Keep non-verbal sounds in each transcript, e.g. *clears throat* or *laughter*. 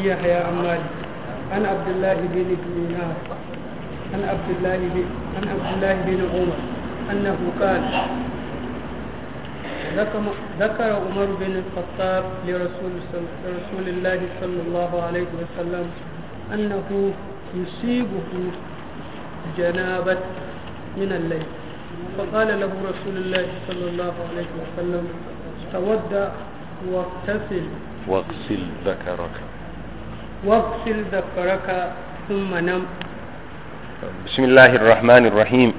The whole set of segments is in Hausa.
حدثني يا عن أنا عبد الله بن دينار أنا عبد الله بن عن عبد الله بن عمر انه قال ذكر عمر بن الخطاب لرسول رسول الله صلى الله عليه وسلم انه يصيبه جنابه من الليل فقال له رسول الله صلى الله عليه وسلم تودع واغتسل واغسل ذكرك واغسل ذكرك ثم نم بسم الله الرحمن الرحيم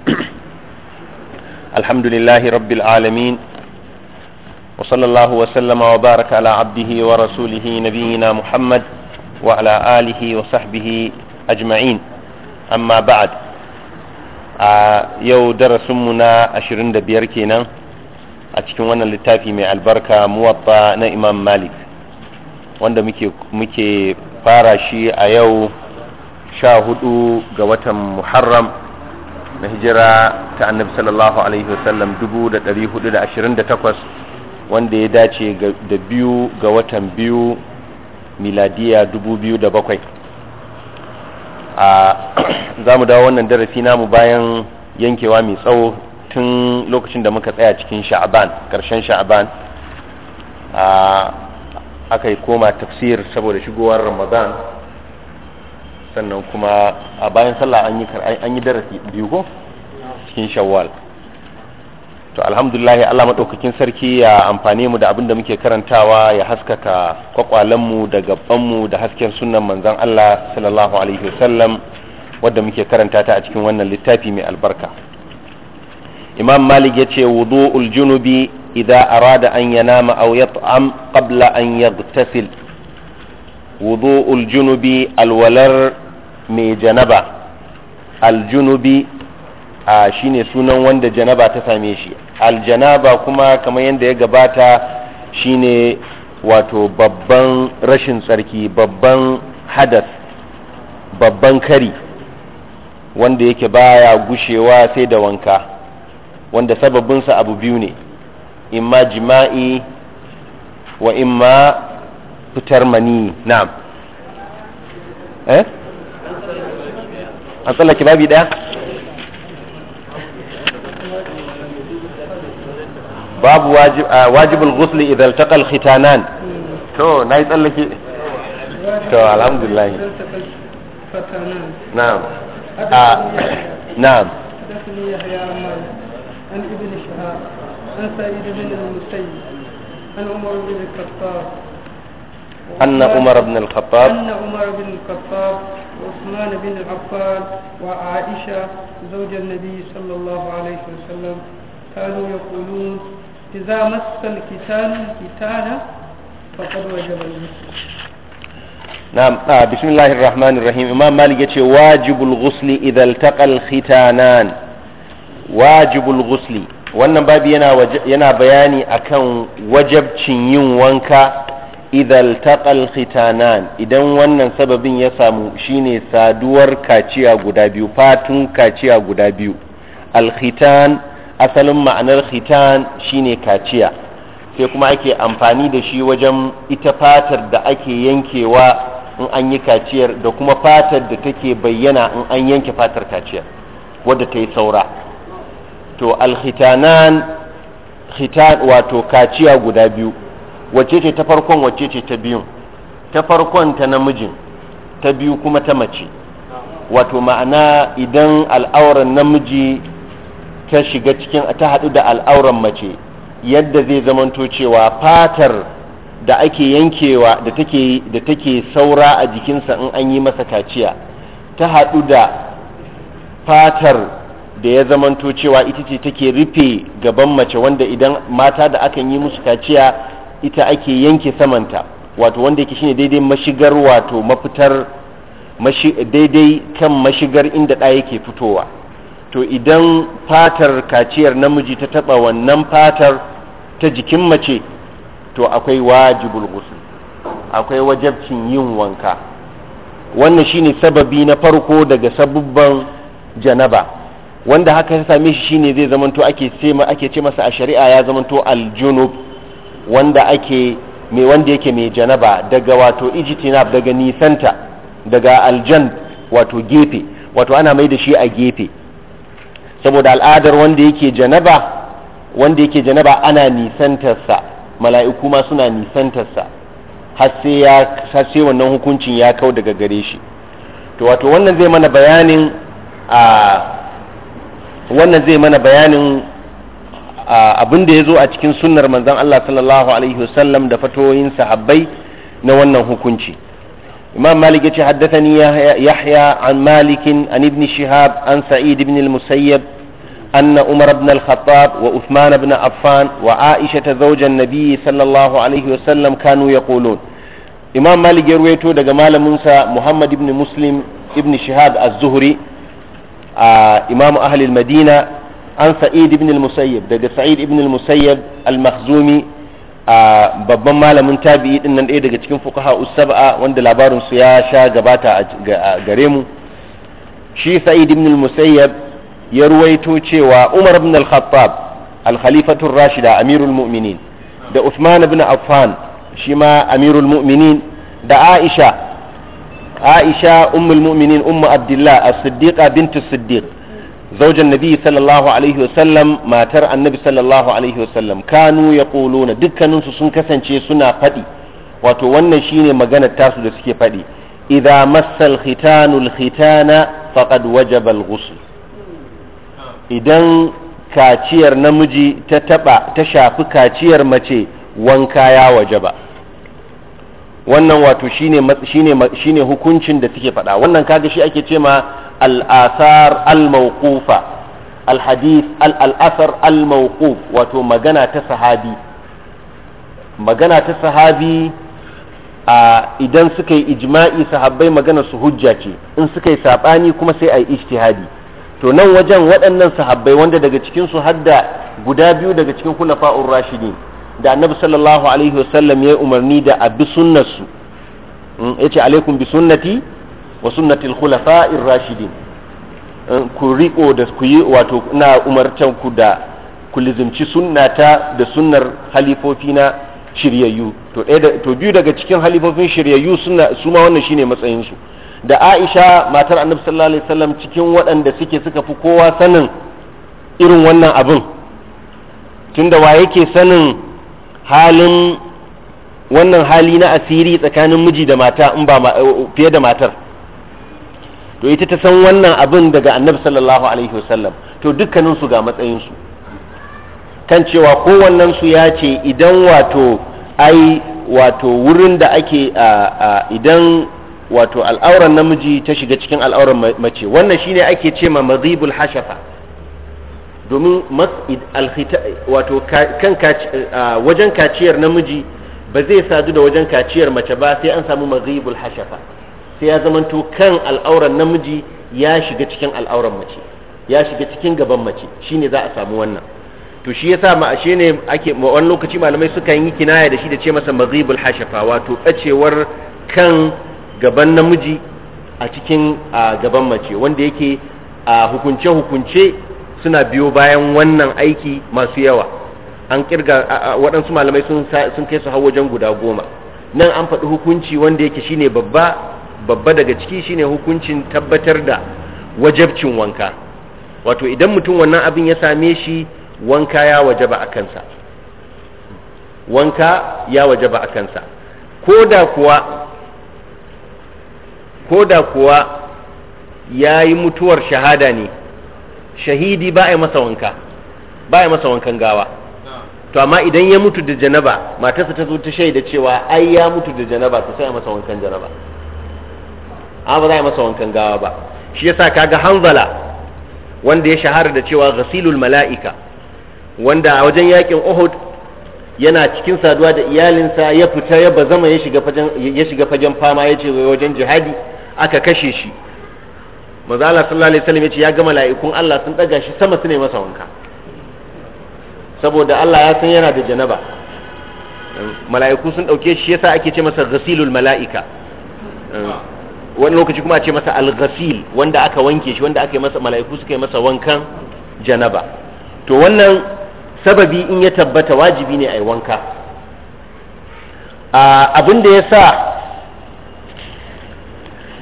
الحمد لله رب العالمين وصلى الله وسلم وبارك على عبده ورسوله نبينا محمد وعلى آله وصحبه أجمعين أما بعد آه، يو درس منا أشرين دبير كينا أتكون وانا لتافي مع البركة موطأ إمام مالك وانا مكي, مكي fara shi a yau sha hudu ga watan muharram na hijira ta annabi sallallahu alaihi wasallam dubu da dari hudu da ashirin da takwas wanda ya dace da biyu ga watan biyu miladiya dubu biyu da bakwai a *clears throat* za mu dawo wannan darasi namu bayan yankewa mai tsawo tun lokacin da muka tsaya cikin sha'aban ƙarshen sha'aban a aka yi koma tafsir saboda shigowar ramadan sannan kuma a bayan sallah an yi an yi darasi biyu ko cikin shawwal to alhamdulillah Allah madaukakin sarki ya amfane mu da abin da muke karantawa ya haskaka kwakwalen mu da gaban mu da hasken sunnan manzon Allah sallallahu alaihi wasallam wadda muke karanta ta a cikin wannan littafi mai albarka imam malik ya ce wudu'ul junubi إذا arada أن ينام أو يطعم قبل أن يغتسل وضوء الجنب الولر من جنبه الجنب a shi ne sunan wanda janaba ta same shi aljanaba kuma kamar yadda ya gabata shi ne wato babban rashin tsarki babban hadas babban kari wanda yake baya gushewa sai da wanka wanda sababinsa abu biyu ne إما جمائي وإما فترمني نعم إيه؟ أنت لك بابي ده باب واجب, آه، واجب الغسل إذا التقى الختانان تو نايت لك تو الحمد لله نعم آه، نعم عن سعيد بن المسيب عن عمر بن الخطاب أن عمر بن الخطاب أن عمر بن الخطاب وعثمان بن عفان وعائشة زوج النبي صلى الله عليه وسلم كانوا يقولون إذا مس الكتان الكتان فقد وجب المسلم نعم آه بسم الله الرحمن الرحيم إمام مالك واجب الغسل إذا التقى الختانان واجب الغسل wannan babi yana bayani akan wajabcin yin wanka idan taqal khitanan idan wannan sababin ya samu shine saduwar kaciya guda biyu fatun kaciya guda biyu alkhitan asalin ma'anar khitan shine kaciya sai kuma ake amfani da shi wajen ita fatar da ake yankewa in an yi kaciyar da kuma fatar da take bayyana in an yanke fatar kaciyar wadda ta yi saura to alkhitanan khitan wato kaciya guda biyu wacce ce ta farkon wacce ce ta biyun ta farkon ta namijin ta biyu kuma ta mace wato ma'ana idan al'auran namiji ta shiga cikin ta haɗu da al'auran mace yadda zai zamanto cewa fatar da ake yankewa da take da take saura a jikinsa in an yi masa kaciya ta haɗu da fatar da ya zamanto cewa ita ce take rufe gaban mace wanda idan mata da akan yi musu kaciya ita ake yanke samanta wato wanda yake shine daidai mashigar wato mafitar daidai kan mashigar inda ɗa yake fitowa to idan fatar kaciyar namiji ta taɓa wannan fatar ta jikin mace to akwai wajibul ghusl akwai wajabcin yin wanka wannan shine sababi na farko daga sabubban janaba wanda haka ya same shi shine zai zamanto ake ce ake ce masa a shari'a ya zamanto aljunub wanda ake mai wanda yake mai janaba daga wato ijtinab daga nisanta daga aljan wato gefe wato ana mai da shi a gefe saboda al'adar wanda yake janaba wanda yake janaba ana nisantarsa mala'iku ma suna nisantarsa har sai wannan hukuncin ya kau daga gare shi to wato wannan zai mana bayanin a ah, wannan zai mana bayanin abin da ya zo a cikin sunnar manzan Allah sallallahu alaihi wasallam da fatoyin sahabbai na wannan hukunci imam malik ni haddathani yahya an malikin an ibn shihab an sa'id ibn al-musayyab أن عمر بن الخطاب وعثمان بن عفان وعائشة زوج النبي صلى الله عليه وسلم كانوا يقولون إمام مالك يرويته دقى موسى محمد بن مسلم ابن شهاب الزهري a imamu ahlil madina an sa'id ibn al-musayyib daga sa'id ibn al-musayyib al-makhzumi babban malamin tabi'i din nan ɗaya daga cikin fuqaha us wanda labarin su ya sha gabata a gare mu shi sa'id ibn al-musayyib ya ruwaito cewa umar ibn al-khattab al-khalifatu ar-rashida amirul mu'minin da usman ibn affan shi ma amirul mu'minin da aisha عائشة أم المؤمنين أم عبد الله الصديقة بنت الصديق زوج النبي صلى الله عليه وسلم ما ترى النبي صلى الله عليه وسلم كانوا يقولون دكا ننسو سنكسن شي سنة فدي وتوانا شيني مغانا تاسو دسكي فدي إذا مس الختان الختان فقد وجب الغسل idan kaciyar namiji ta taba ta shafi kaciyar mace wanka ya waje ba wannan wato shine ne hukuncin da suke faɗa wannan kaga shi ake ce ma al-athar al al'asar al-hadith wato magana ta sahabi magana ta sahabi a idan suka yi ijma'i sahabbai magana su hujja ce in suka yi saɓani kuma sai a yi ijtihadi to nan wajen waɗannan sahabbai wanda daga cikinsu hadda guda biyu daga cikin khulafa'ur rashidin da annabi sallallahu alaihi wasallam ya umarni da a bi sunnarsu mm, ya ce alaikum bi sunnati wa sunnati al ar rashidin mm, ku riko da ku yi wato na umartan ku da ku lizimci sunnata da sunnar halifofi na shiryayyu to ɗaya to biyu daga cikin halifofin shiryayyu sunna su ma wannan shine matsayin su da Aisha matar Annabi sallallahu alaihi wasallam cikin waɗanda suke suka fi kowa sanin irin wannan abin tunda wa yake sanin halin wannan hali na asiri tsakanin miji da mata in ba eh, fiye da matar to ita ta san wannan abin daga annabi sallallahu alaihi wasallam to dukkanin su ga matsayin su kan cewa kowannen su ya ce idan wato ai wato wurin da ake idan wato al'auran namiji ta shiga cikin al'auran mace wannan shine ake ce ma mazibul hashafa domin wato kan wajen kaciyar namiji ba zai sadu da wajen kaciyar mace ba sai an samu maghibul hashafa sai ya zamanto kan al'auran namiji ya shiga cikin al'auran mace ya shiga cikin gaban mace shine za a samu wannan to shi yasa ma ashe ne ake wani lokaci malamai suka yi kinaya da shi da ce masa maghibul hashafa wato bacewar kan gaban namiji a cikin gaban mace wanda yake a hukunce hukunce suna biyo bayan wannan aiki masu yawa an kirga waɗansu malamai sun kai su hau wajen guda goma nan an faɗi hukunci wanda yake shine babba babba daga ciki shine hukuncin tabbatar da wajabcin wanka wato idan mutum wannan abin ya same shi wanka ya wajaba a kansa wanka ya wajaba a kansa ko da kuwa ko da kuwa ya yi mutuwar shahada ne shahidi ba a masa wanka ba a masa wankan gawa to amma idan ya mutu da janaba matarsa ta zo ta shaida cewa ai ya mutu da janaba to sai a masa wankan janaba a ba za a masa wankan gawa ba shi yasa kaga hanzala wanda ya shahara da cewa ghasilul mala'ika wanda a wajen yakin Uhud yana cikin saduwa da iyalinsa ya fita ya bazama ya shiga fagen fama ya ce fagen wajen jihadi aka kashe shi maza Allah sallallahu alaihi wasallam ya ce ya ga mala'ikun Allah sun daga shi sama su ne masa wanka saboda Allah ya san yana da janaba mala'iku sun dauke shi yasa ake ce masa ghasilul mala'ika wani lokaci kuma a ce masa al-ghasil wanda aka wanke shi wanda aka yi masa mala'iku suka yi masa wankan janaba to wannan sababi in ya tabbata wajibi ne a yi wanka abin da ya sa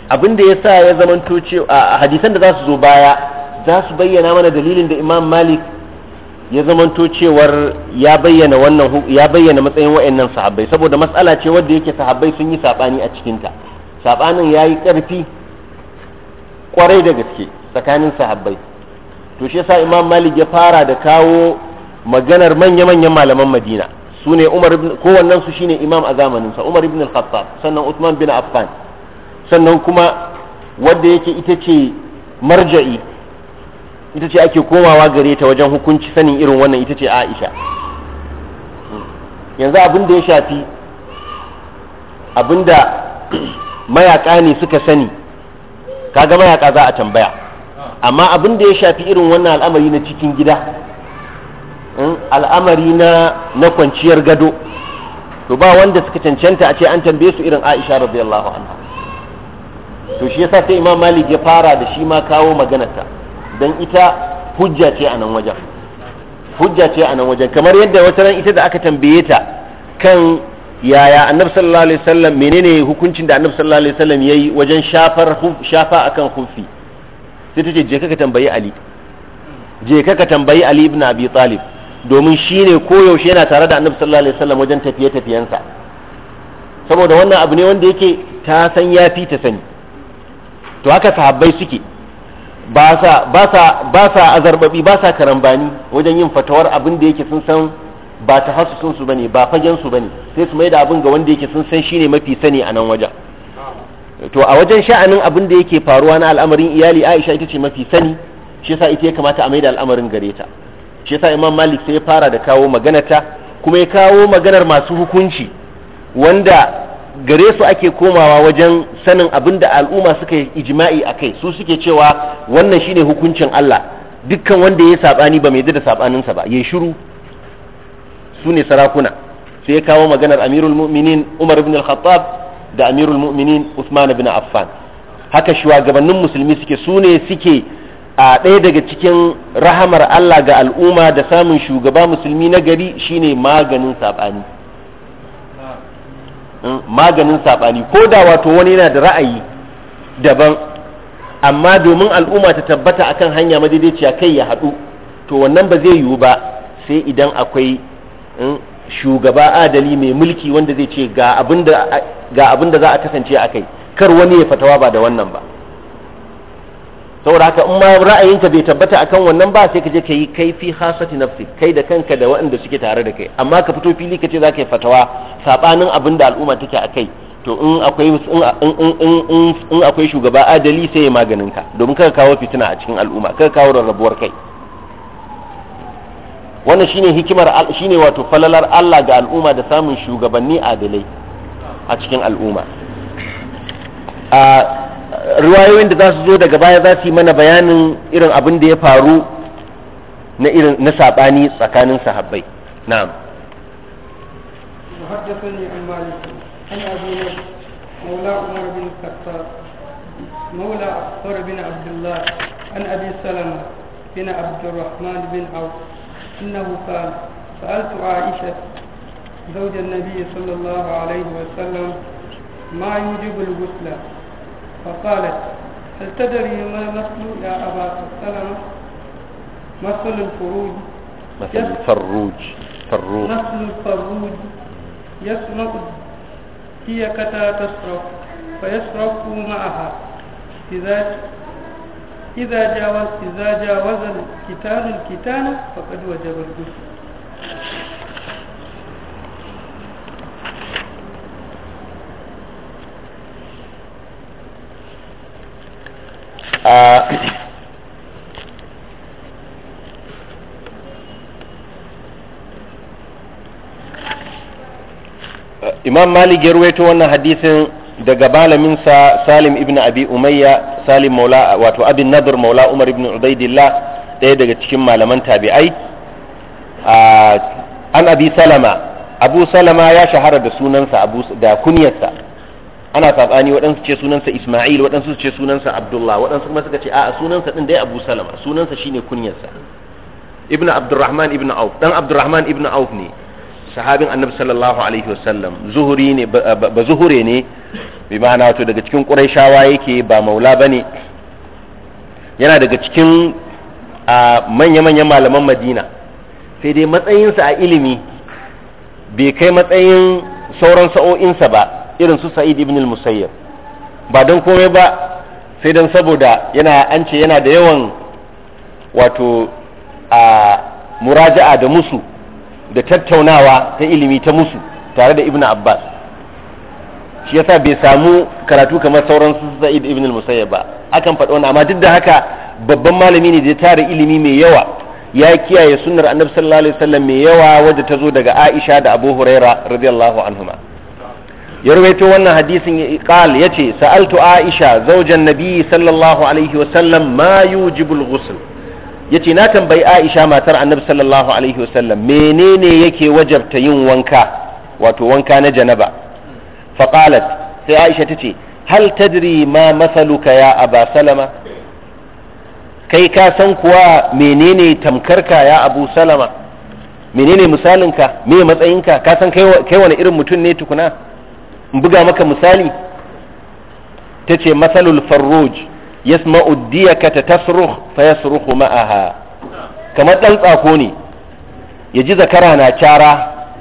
abin da ya sa ya zamanto cewa hadisan da za su zo baya za su bayyana mana dalilin da Imam Malik ya zamanto cewar ya bayyana wannan ya bayyana matsayin wa'annan sahabbai saboda matsala ce wadda yake sahabbai sun yi sabani a cikinta ta ya yi ƙarfi kwarai da gaske tsakanin sahabbai to shi yasa Imam Malik ya fara da kawo maganar manya-manyan malaman Madina su ne Umar ibn kowannen su shine imam a zamaninsa Umar ibn al-Khattab sannan Uthman bin Affan sannan kuma wadda yake ita ce marja'i ita ce ake komawa gare ta wajen hukunci sanin irin wannan ita ce aisha yanzu abin da ya shafi abin da *clears throat* mayaka ne suka sani kaga mayaka za a tambaya amma abin da ya shafi irin wannan al'amari na cikin gida hmm, al'amari na kwanciyar gado to ba wanda suka cancanta a ce an tambaye su irin aisha radiyallahu anha to shi yasa sai imam malik ya fara da shi ma kawo maganarsa don ita hujja ce a nan wajen hujja ce a nan wajen kamar yadda wata ran ita da aka tambaye ta kan yaya annabi sallallahu alaihi wasallam menene hukuncin da annabi sallallahu alaihi wasallam yayi wajen shafar shafa akan hufi sai ta ce je ka tambayi ali je ka tambayi ali ibn abi talib domin shine koyaushe yana tare da annabi sallallahu alaihi wasallam wajen tafiye tafiyansa saboda wannan abu ne wanda yake ta san yafi ta sani to haka sahabbai suke ba sa ba sa ba sa azarbabi ba sa karambani wajen yin fatawar abin da yake sun san ba ta sun su bane ba fagen su bane sai su maida abin ga wanda yake sun san shine mafi sani a nan wajen to a wajen sha'anin abin da yake faruwa na al'amarin iyali Aisha ita ce mafi sani shi yasa ita ya kamata a mai da al'amarin gare ta shi yasa Imam Malik sai ya fara da kawo maganarta kuma ya kawo maganar masu hukunci wanda gare su ake komawa wajen sanin abin da al'umma suka yi ijma'i a kai su suke cewa wannan shine hukuncin Allah dukkan wanda ya yi saɓani ba mai da saɓaninsa ba ya shiru su ne sarakuna sai ya kawo maganar Amirul Mu'minin Umar ibn al-Khattab da Amirul Mu'minin usman ibn Affan haka shugabannin musulmi suke su ne suke a ɗaya daga cikin rahamar Allah ga al'umma da samun shugaba musulmi na gari shine maganin saɓani. maganin saɓani ko da wato wani yana da ra'ayi daban amma domin al'umma ta tabbata akan hanya madaidaiciya kai ya haɗu to wannan ba zai yiwu ba sai idan akwai mm, shugaba adali mai mulki wanda zai ce ga abin da za a kasance a kai kar wani ya fatawa ba da wannan ba saboda haka in ma ra'ayinka bai tabbata akan wannan ba sai ka je ka yi kai fi hasati nafsi kai da kanka da waɗanda suke tare da kai amma ka fito fili ka ce za ka yi fatawa sabanin abin da al'umma take a kai to in akwai in akwai shugaba adali sai ya maganin ka domin kaka kawo fitina a cikin al'umma kada kawo rarrabuwar kai wannan shine hikimar shine wato falalar Allah ga al'umma da samun shugabanni adalai a cikin al'umma riwayoyin da za su zo daga baya za su yi mana bayanin irin abin da ya faru na irin na saɓani tsakanin sahabbai na'am مولى عمر بن عبد الله عن ابي سلمه بن عبد الرحمن بن عوف انه قال سالت عائشه زوج النبي صلى الله عليه وسلم ما يوجب الغسل فقالت هل تدري ما مثل يا أبا سلمة مثل الفروج مثل الفروج فروج مثل الفروج يسرق هي كتا تسرق فيسرق معها إذا إذا جاوز إذا جاوز الكتان الكتان فقد وجب الجسر imam malik ya ruwaito wannan hadisin daga malaminsa salim ibn abi umayya salim maula wato abin nadir maula umar ibn ubaidillah ɗaya daga cikin malaman tabi'ai an abi salama abu salama ya shahara da sunansa da kunyarsa ana sabani waɗansu ce sunansa Ismail waɗansu ce sunansa Abdullah waɗansu kuma suka ce a'a sunansa din dai Abu Salama sunansa shine kunyarsa Ibn Abdurrahman Ibn Auf dan Abdurrahman Ibn Auf ne sahabin Annabi sallallahu alaihi wasallam zuhuri ne ba zuhure ne bi ma'ana to daga cikin Qurayshawa yake ba maula bane yana daga cikin manya-manyan malaman Madina sai dai matsayinsa a ilimi bai kai matsayin sauran sa'o'insa ba irin su sa'id ibn al-musayyib ba don komai ba sai don saboda yana an ce yana da yawan wato a muraja'a da musu da tattaunawa ta ilimi ta musu tare da ibn abbas shi yasa bai samu karatu kamar sauran su sa'id ibn al-musayyib ba akan faɗo wannan amma duk da haka babban malami ne da ya tara ilimi mai yawa ya kiyaye sunnar annabi sallallahu alaihi wasallam mai yawa wadda ta zo daga aisha da abu huraira radiyallahu anhuma ya wannan hadisin ya yace sa'altu aisha zaujan nabi sallallahu alaihi wasallam ma yujibul ghusl yace na tambayi aisha matar annabi sallallahu alaihi wasallam menene yake wajabta yin wanka wato wanka na janaba faqalat sai aisha tace hal tadri ma masaluka ya aba salama kai ka san kuwa menene tamkarka ya abu salama menene misalinka me matsayinka ka san kai wani irin mutum ne tukuna buga maka misali ta ce masalul farroj yasma'u diyaka ta tasruh fa yasruhu ma'aha kamar dan tsako ne ya ji zakara na cara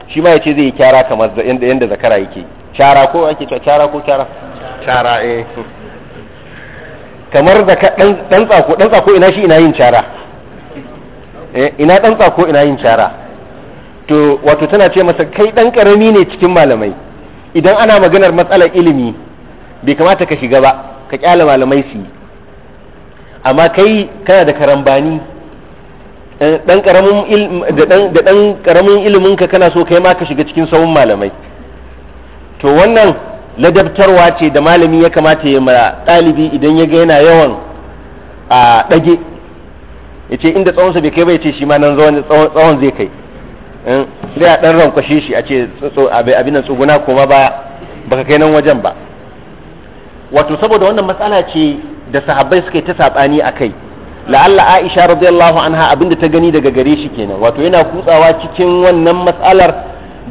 shi ma ya ce zai yi kyara kamar yadda zakara yake cara ko ake cara ko cara cara eh kamar da dan tsako dan tsako ina shi ina yin cara eh, ina dan tsako ina yin cara to wato tana ce masa kai dan karami ne cikin malamai idan ana maganar matsalar ilimi bai kamata ka shiga ba ka kyala malamai su amma kai kana da karambani eh, da ɗan karamin ilimin ka kana so kai ma ka shiga cikin sauran malamai to wannan ladabtarwa ce da malami ya kamata ya mara ɗalibi idan ya ga yana yawan a ɗage ya ce inda tsawonsa bai kai ba ya ce shi ma nan tsawon zai kai Eh, sai a ɗan rankwashe shi a ce abin nan tsuguna kuma ba baka kai nan wajen ba wato saboda wannan matsala ce da sahabbai suka yi ta saɓani a kai la'alla aisha radiyallahu anha abinda ta gani daga gare shi kenan wato yana kutsawa cikin wannan matsalar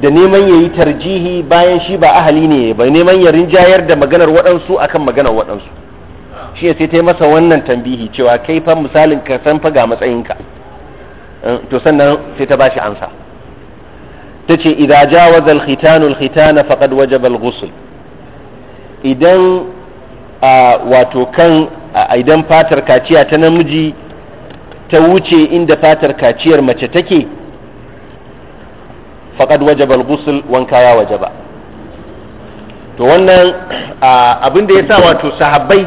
da neman ya yi tarjihi bayan shi ba ahali ne ba neman ya rinjayar da maganar waɗansu akan maganar waɗansu shi ya sai ta yi masa wannan tambihi cewa kai fa misalin ka san fa ga matsayinka eh, to sannan sai ta bashi amsa. tace idan jawaza al-khitan faqad wajaba alghusl idan wato kan idan fatar kaciya ta namiji ta wuce inda fatar kaciyar mace take faqad wajaba alghusl wanka ya wajaba to wannan abin da yasa wato sahabbai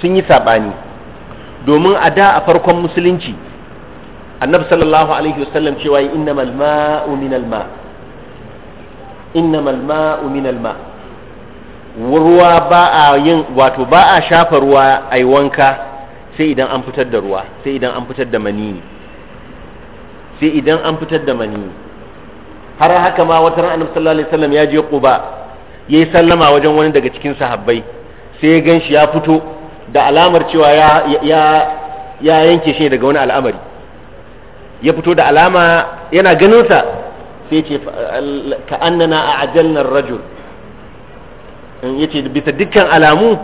sun yi sabani domin a da a farkon musulunci annabi sallallahu alaihi wasallam cewa innamal ma'u minal ma innamal ma'u minal ma ruwa ba a yin wato ba a shafa ruwa ai wanka sai idan an fitar da ruwa sai idan an fitar da mani sai idan an fitar da mani har haka ma wata ran annabi sallallahu alaihi wasallam ya je Quba yayi sallama wajen wani daga cikin sahabbai sai ya ganshi ya fito da alamar cewa ya ya yanke shi daga wani al'amari ya fito da alama yana ganinsa sai ce ka annana a ajalnar rajul ya ce bisa dukkan alamu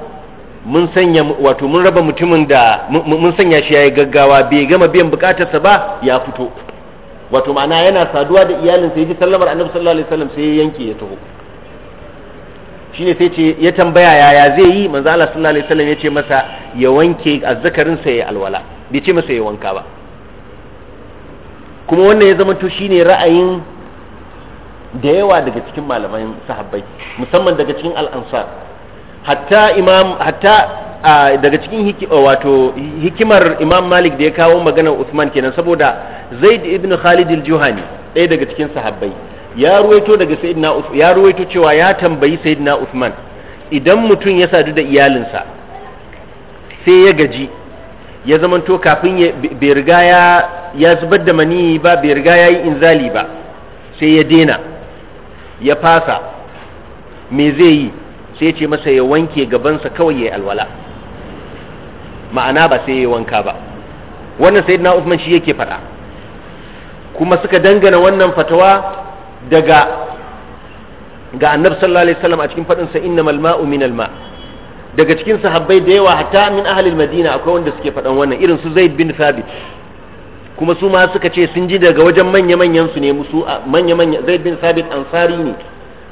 mun sanya wato mun raba mutumin da mun sanya shi ya yi gaggawa bai gama biyan bukatarsa ba ya fito wato ma'ana yana saduwa da iyalinsa ya ji sallamar annabi sallallahu alaihi wasallam sai ya yanke ya taho ne sai ce ya tambaya yaya zai yi manzo Allah sallallahu alaihi wasallam ya ce masa ya wanke azzakarin sa ya alwala bai ce masa ya wanka ba kuma wannan ya zama to shine ra'ayin da yawa daga cikin malaman sahabbai musamman daga cikin al'ansar hatta imam hatta daga cikin wato hikimar imam malik da ya kawo maganar usman kenan saboda zaid ibn khalid al-juhani ɗaya daga cikin sahabbai ya ruwaito daga sayyidina ya ruwaito cewa ya tambayi sayyidina usman idan mutum ya sadu da iyalinsa sai ya gaji ya zama to kafin bai riga ya zubar da mani ba bai riga ya yi inzali ba sai ya dena ya fasa me zai yi sai ce masa ya wanke gabansa kawai ya yi alwala ma'ana ba sai ya wanka ba wannan sayyidina Uthman shi yake faɗa kuma suka dangana wannan fatawa daga ga annabi sallallahu alaihi wasallam a cikin faɗinsa innamal ma'u minal ma' daga cikin sahabbai da yawa hatta min ahalil madina akwai wanda suke faɗan wannan irin su zaid bin thabit kuma su ma suka ce sun ji daga wajen manya manyan su ne musu manya manya zaid bin thabit ansari ne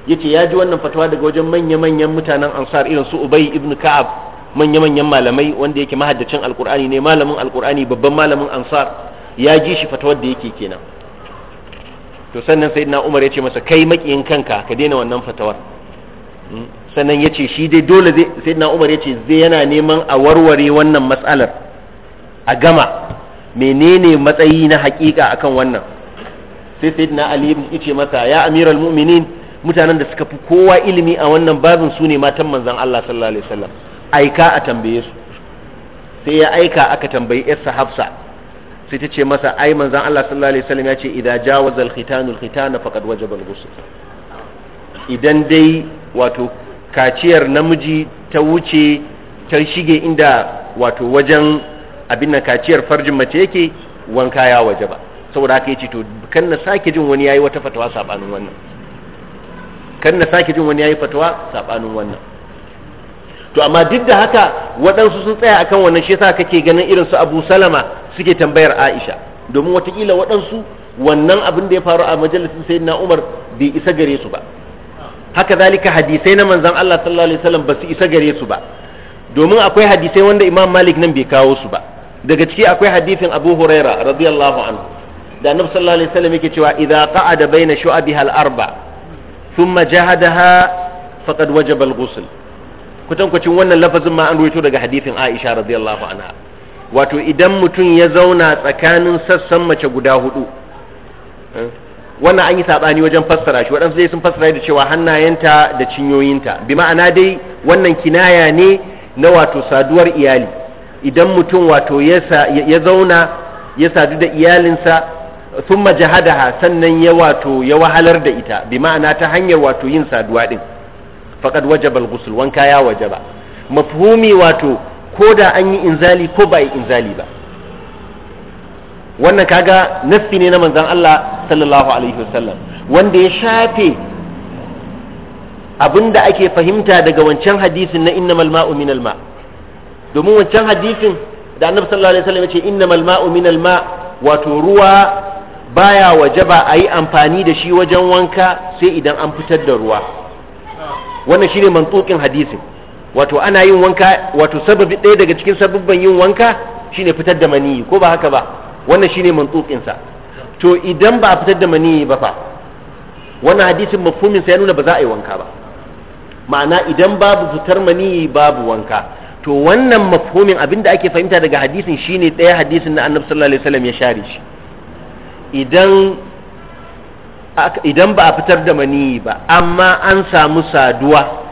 yace ya ji wannan fatawa daga wajen manya manyan mutanen ansar irin su ubay ibn ka'ab manya manyan malamai wanda yake mahaddacin alqur'ani ne malamin alqur'ani babban malamin ansar ya ji shi fatawar da yake kenan to sannan sayyidina umar ya ce masa kai makiyin kanka ka daina wannan fatawar hmm. sannan ya ce shi dai dole zai sai na umar ya ce zai yana neman a warware wannan matsalar a gama menene matsayi na hakika akan wannan sai sai na ali ya ce masa ya amiral mu'minin mutanen da suka fi kowa ilimi a wannan babin su ne matan manzan Allah sallallahu alaihi wasallam aika a tambaye su sai ya aika aka tambayi yarsa sahabsa sai ta ce masa ai manzan Allah sallallahu alaihi wasallam ya ce idza jawaza al-khitanu al-khitana faqad wajaba al-ghusl idan dai wato kaciyar namiji ta wuce ta shige inda wato wajen abin nan kaciyar farjin mace yake wanka ya waje ba saboda haka yace to kan na sake jin wani yayi wata fatawa sabanin wannan kan na sake jin wani yayi fatawa sabanin wannan to amma duk da haka waɗansu sun tsaya akan wannan shi yasa kake ganin irin su Abu Salama suke tambayar Aisha domin watakila waɗansu wannan abin da ya faru a majalisin sayyidina Umar bai isa gare su ba haka zalika hadisai na manzon Allah sallallahu alaihi wasallam ba su isa gare su ba domin akwai hadisai wanda Imam Malik nan bai kawo su ba daga ciki akwai hadisin Abu Huraira radiyallahu anhu da Annabi sallallahu alaihi wasallam yake cewa idza qa'ada baina shu'abiha al-arba thumma jahadaha faqad wajaba al-ghusl kucin wannan lafazin ma an ruwaito daga hadisin Aisha radiyallahu anha wato idan mutum ya zauna tsakanin sassan mace guda hudu eh, wannan an yi saɓani wajen fassara shi waɗansu zai sun fassara da cewa hannayenta da cinyoyinta bi ma'ana dai wannan kinaya ne na wato saduwar iyali idan mutum wato ya zauna ya sadu da iyalinsa sun majahadaha sannan ya wato ya wahalar da ita bi ma'ana ta hanyar wato yin saduwa ɗin faƙad wajabal gusul wanka ya wajaba mafhumi wato ko da an yi inzali ko ba yi inzali ba wannan kaga nassi ne na manzan Allah sallallahu alaihi wasallam wanda ya shafe abinda ake fahimta daga wancan hadisin na innamal ma'u minal ma domin wancan hadisin da annabi sallallahu alaihi wasallam ya ce innamal ma'u minal ma wato ruwa baya wajaba a yi amfani da shi wajen wanka sai idan an fitar da ruwa wannan shine mantukin hadisin wato ana yin wanka wato sababi ɗaya daga cikin sababban yin wanka shine fitar da maniyi ko ba haka ba wannan shine mantsukin sa to idan ba a fitar da maniyi ba fa wannan hadisin mafhumin sa ya nuna ba za a yi wanka ba ma'ana idan babu fitar maniyi babu wanka to wannan mafhumin abinda ake fahimta daga hadisin shine ɗaya hadisin na annabi sallallahu alaihi wasallam ya share shi idan idan ba a fitar da maniyi ba amma an samu saduwa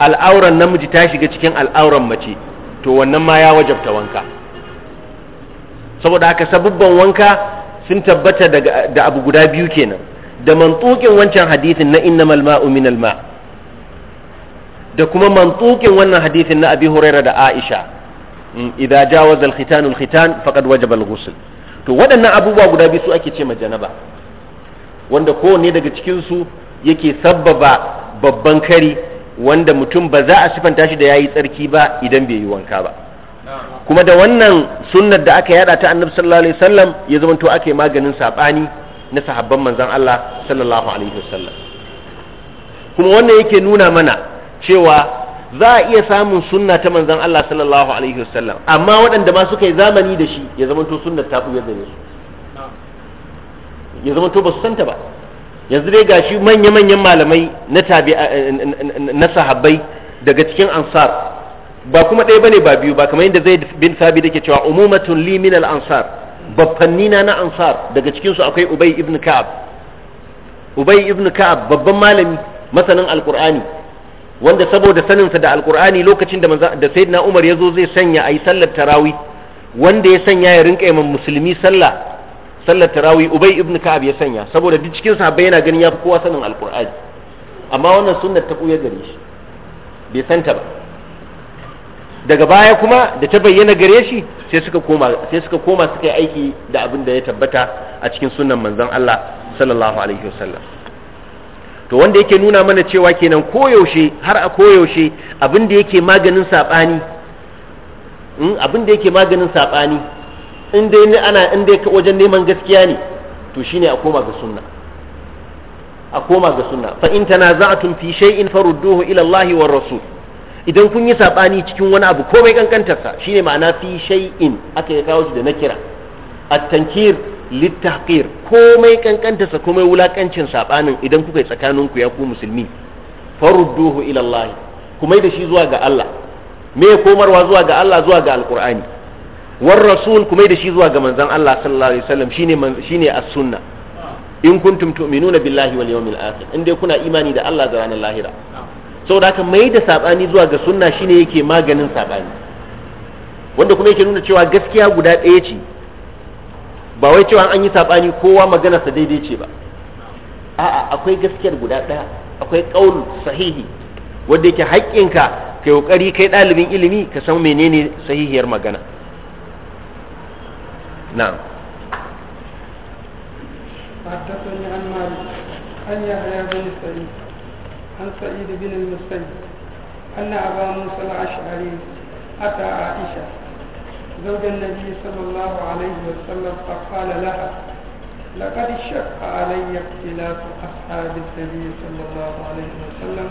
al'auran namiji ta shiga cikin al'auran mace to wannan ma ya wajabta wanka saboda haka sabubban wanka sun tabbata da abu guda biyu kenan da mantukin wancan hadithin na innamal ma'u minal ma da kuma mantukin wannan hadithin na abi huraira da aisha mm, idza jawaza al-khitan al-khitan faqad wajaba al-ghusl to waɗannan abubuwa guda biyu su ake ce ma janaba wanda kowanne daga cikin su yake sabbaba babban kari wanda mutum ba za a sifanta shi da yayi tsarki ba idan bai yi wanka ba kuma da wannan sunnar da aka yada ta annabi sallallahu alaihi wasallam ya zama to ake maganin sabani na sahabban manzon Allah sallallahu alaihi wasallam kuma wannan yake nuna mana cewa za a iya samun sunna ta manzon Allah sallallahu alaihi wasallam amma waɗanda ma suka yi zamani da shi ya zama to sunnar ta buya gare su ya zama to ba su santa ba yanzu dai gashi manya-manyan malamai na tabi na sahabbai daga cikin ansar ba kuma ɗaya bane ba biyu ba kamar yadda zai bin sabi da ke cewa umumatun li min al ansar baffannina na ansar daga cikinsu akwai ubay ibn ka'ab ubay ibn ka'ab babban malami masanin alqur'ani wanda saboda saninsa da alqur'ani lokacin da da sayyidina umar zo zai sanya ayi sallar tarawi wanda ya sanya ya rinka yin musulmi sallah sallar tarawi ubay ibn ka'ab ya sanya saboda duk cikin sahaba yana ganin yafi kowa sanin alqur'ani amma wannan sunnar ta kuya gare shi bai santa ba daga baya kuma da ta bayyana gare shi sai suka koma sai suka koma suka yi aiki da abin da ya tabbata a cikin sunan manzon Allah sallallahu alaihi wasallam to wanda yake nuna mana cewa kenan koyaushe har a koyaushe abin da yake maganin sabani in hmm, abin da yake maganin sabani in dai ana in dai wajen neman gaskiya ne to shine a koma ga sunna a koma ga sunna fa in tanaza'tum fi shay'in farudduhu ila Allahi war rasul idan kun yi saɓani cikin wani abu komai shi ne ma'ana fi shay'in aka kawo shi da kira a tankir littafir komai kankantarsa komai wulakancin sabanin idan kuka yi tsakaninku ya ku musulmi farudduhu ila Allah kuma da shi zuwa ga Allah me komarwa zuwa ga Allah zuwa ga alqur'ani war rasul kuma da shi zuwa ga manzon Allah sallallahu alaihi wasallam shine shine as-sunna in kuntum tu'minuna billahi wal yawmil akhir in dai kuna imani da Allah da ranar lahira saboda aka mai da saɓani zuwa ga sunna shine yake maganin sabani wanda kuma yake nuna cewa gaskiya guda ɗaya ce ba wai cewa an yi sabani kowa magana sa daidai ce ba a'a akwai gaskiyar guda ɗaya akwai ƙaun sahihi wanda yake haƙƙinka kai kokari kai ɗalibin ilimi ka san menene sahihiyar magana na حدثني عن مالك يحيى بن سعيد عن سعيد بن المسيب أن أبا موسى الأشعري أتى عائشة زوج النبي صلى الله عليه وسلم فقال لها لقد شق علي اختلاف أصحاب النبي صلى الله عليه وسلم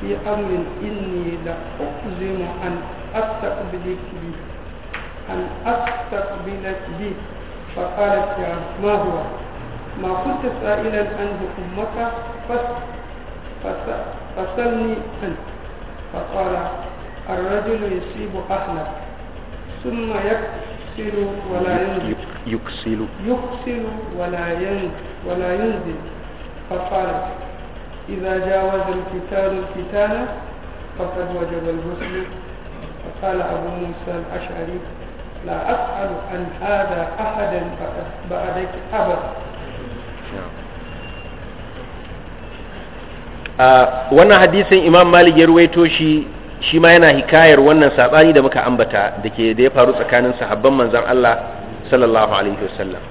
في أمر إني لأقزم أن أستقبلك به أن أستقبلك به فقالت يا ما هو ما كنت سائلا عنه أمك فسلني أنت فقال الرجل يصيب أهله ثم يكسل ولا ينزل يكسل يكسل ولا ينزل ولا ينزل فقال إذا جاوز القتال القتال فقد وجب الغسل فقال أبو موسى الأشعري لا أسأل عن هذا أحدا بعدك أبدا نعم. wannan hadisin imam malik ya ruwaito shi shi ma yana hikayar wannan saɓani da muka ambata da ke da ya faru tsakanin sahabban manzan Allah sallallahu alaihi wasallam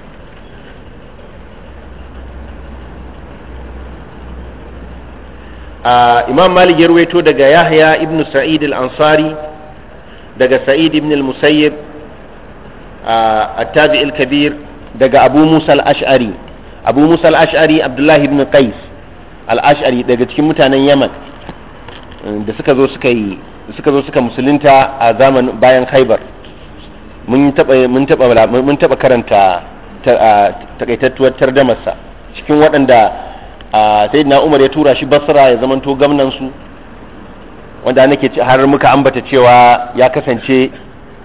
imam malik ya ruwaito daga yahya ibn sa'id al-ansari daga sa'id ibn al-musayyib at-tabi al-kabir daga abu musa al-ash'ari abu musa al-ash'ari ibn qais al'ashari daga cikin mutanen yaman eh, da suka zo suka musulunta a zaman bayan khaibar mun taba mun taba karanta takaitattuwar tardamarsa cikin waɗanda sayyidina umar ya tura shi basra ya zamanto gwamnan su wanda nake har muka ambata cewa ya kasance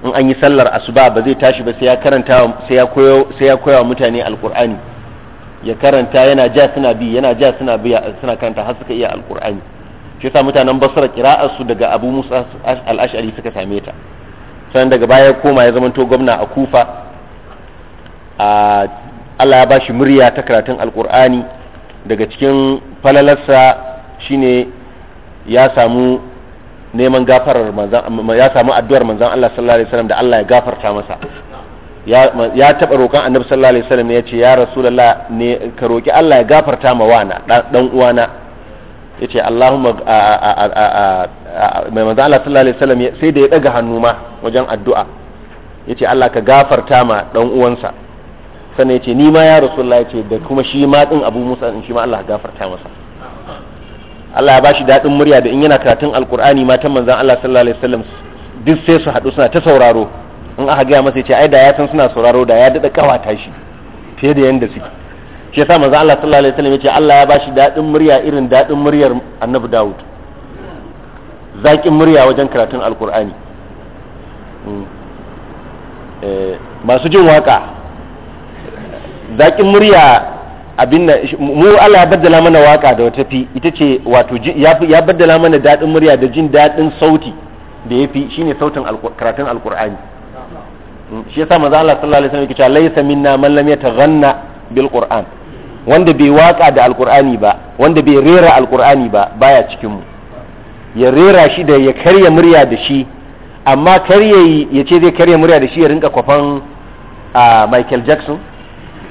in an yi sallar asuba ba zai tashi ba sai ya karanta sai ya koyo sai mutane alqur'ani ya karanta yana ja suna bi yana ja suna bi suna karanta har suka iya alkur'ani shi yasa mutanen basra kira'ar su daga abu musa al-ash'ari suka same ta sannan daga baya koma ya zamanto gwamna a kufa a allah ya bashi murya ta karatun alkur'ani daga cikin falalarsa shine ya samu neman gafarar manzan ya samu addu'ar manzan allah sallallahu alaihi wasallam da allah ya gafarta masa ya taɓa roƙon annabi sallallahu alaihi wasallam ya ce ya rasulullah ne ka roƙi Allah ya gafarta ma wana dan uwana ya ce Allahumma mai manzo Allah sallallahu alaihi wasallam sai da ya daga hannu ma wajen addu'a ya ce Allah ka gafarta ma dan uwansa sannan ya ce ni ma ya rasulullah ya ce da kuma shi ma din Abu Musa in shi ma Allah ya gafarta masa Allah ya bashi dadin murya da in yana karatun alkur'ani ta manzo Allah sallallahu alaihi wasallam duk sai su haɗu suna ta sauraro in aka gaya masa ce ai da ya san suna sauraro da ya dada kawata shi fiye da yanda suke shi yasa manzo Allah sallallahu alaihi wasallam ce Allah ya bashi dadin murya irin dadin muryar Annabi Dawud zakin murya wajen karatun alkur'ani eh, masu jin waka zakin murya abin da mu Allah ya baddala mana waka da wata fi ita ce wato ya baddala mana dadin murya da jin dadin sauti da ya fi shine sautin karatun alkur'ani shi yasa manzo Allah sallallahu alaihi wasallam yake cewa laysa minna man lam yataghanna bil qur'an wanda bai waka da alqur'ani ba wanda bai rera alqur'ani ba baya cikin mu ya rera shi da ya karya murya da shi amma karye ya ce zai karya murya da shi ya rinka kwafan a Michael Jackson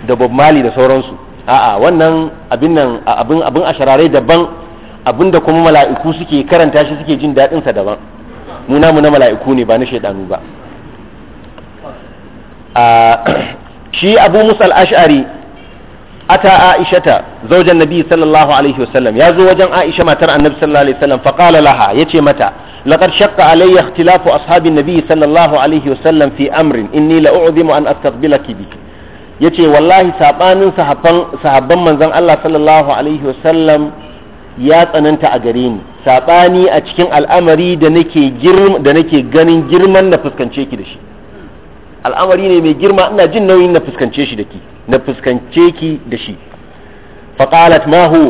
da Bob Marley da sauransu a'a wannan abin nan abin abin asharare daban abin da kuma mala'iku suke karanta shi suke jin daɗinsa daban mu na mala'iku ne ba na shaidanu ba shi abu musa al-ash'ari ata aishata zaujan nabi sallallahu alaihi wasallam ya zo wajen aisha matar annabi sallallahu alaihi wasallam fa laha yace mata laqad shaqqa alayya ikhtilafu ashabin nabi sallallahu alaihi wasallam fi amrin inni la u'dhimu an astaqbilaki bi yace wallahi sabanin sahabban sahabban manzon Allah sallallahu alaihi wasallam ya tsananta a gare ni sabani a cikin al'amari da nake da nake ganin girman na fuskance ki da shi al'amari ne mai girma ina jin nauyin na fuskance shi da ki na fuskance ki da shi faqalat ma hu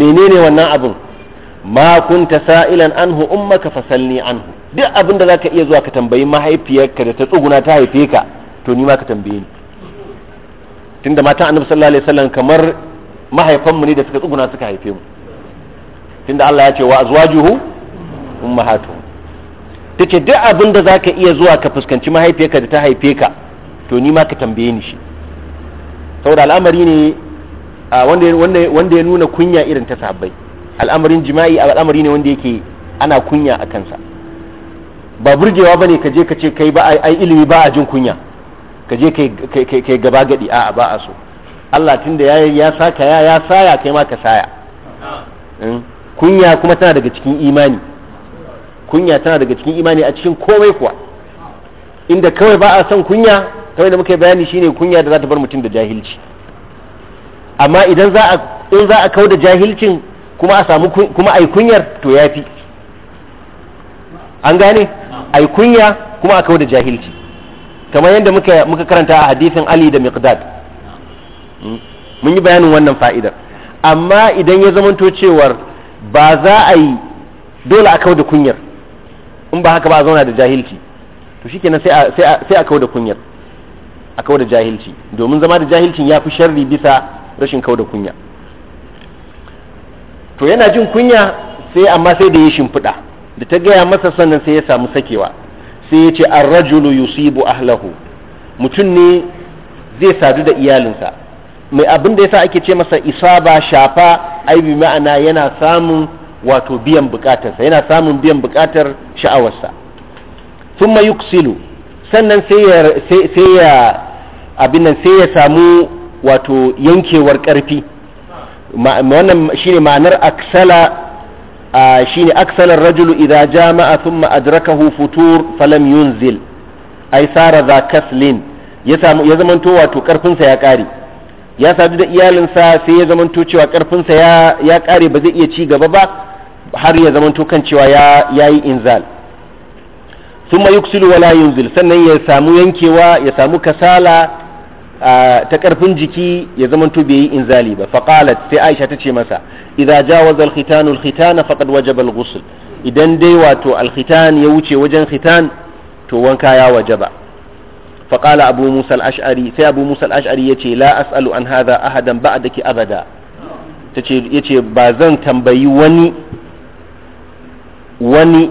menene wannan abin ma kunta sa'ilan anhu ummaka fasalni anhu duk abin da zaka iya zuwa ka tambayi mahaifiyarka da ta tsuguna ta haife ka to ni ma ka tambaye ni tunda matan annabi sallallahu alaihi wasallam kamar mahaifanmu ne da suka tsuguna suka haife mu tunda Allah ya ce wa azwajuhu ummahatu ta ce duk abin da za ka iya zuwa ka fuskanci mahaifiyarka da ta haife ka to ni ma ka tambaye ni shi saboda al'amari ne wanda ya nuna kunya irin ta sabai al'amarin jima'i al'amari ne wanda yake ana kunya a kansa ba burgewa ba ne ka je ka ce kai ba ai ilimi ba a jin kunya ka je kai gaba gadi a ba a so Allah tunda ya ya saka ya ya saya kai ma ka saya hmm? kunya kuma tana daga cikin imani kunya tana daga cikin imani a cikin komai kuwa inda kawai ba a son kunya kawai da muka yi bayani shine kunya da za ta bar mutum da jahilci amma idan za a in za a kau da jahilcin kuma a samu kuma ai kunyar to yafi an gane ai kunya kuma a kau da jahilci kamar yadda muka karanta a hadisin Ali da Miqdad hmm? mun yi bayanin wannan fa'idar amma idan ya zamanto cewar ba za a yi dole a kau da kunyar in ba haka ba a zauna da jahilci to shi sai sai a kawo da kunyar a kawo da jahilci domin zama da jahilcin ya fi sharri bisa rashin kawo da kunya to yana jin kunya sai amma sai da ya shimfiɗa da ta gaya masa sannan sai ya samu sakewa sai ya ce rajulu yusibu ahlahu mutum ne zai sadu da iyalinsa mai abin da ya sa ake ce masa isa ba shafa aibi ma'ana yana samun wato biyan bukatarsa yana samun biyan bukatar sha'awarsa ma yuksilu sannan sai ya sai abin nan sai ya samu wato yankewar karfi wannan ne ma'anar aksala shi ne aksalar rajulu idan jama'a sun adrakahu futur falam yunzil ay sara za kaslin ya zamanto wato karfinsa ya kare ya sadu da iyalinsa sai ya zamanto cewa karfinsa ya ya kare ba zai iya ci gaba ba har ya zamanto kan cewa ya yayi inzal thumma yuksilu wala yunzil sannan ya samu yankewa ya samu kasala ta karfin jiki ya zamanto bai yi inzali ba faqalat sai Aisha ta ce masa idza jawaza al-khitanu faqad wajaba al idan dai wato al ya wuce wajen khitan to wanka ya wajaba فقال أبو موسى الأشعري سي أبو موسى الأشعري يتي لا أسأل عن هذا أحدا بعدك أبدا yace ba zan tambayi wani wani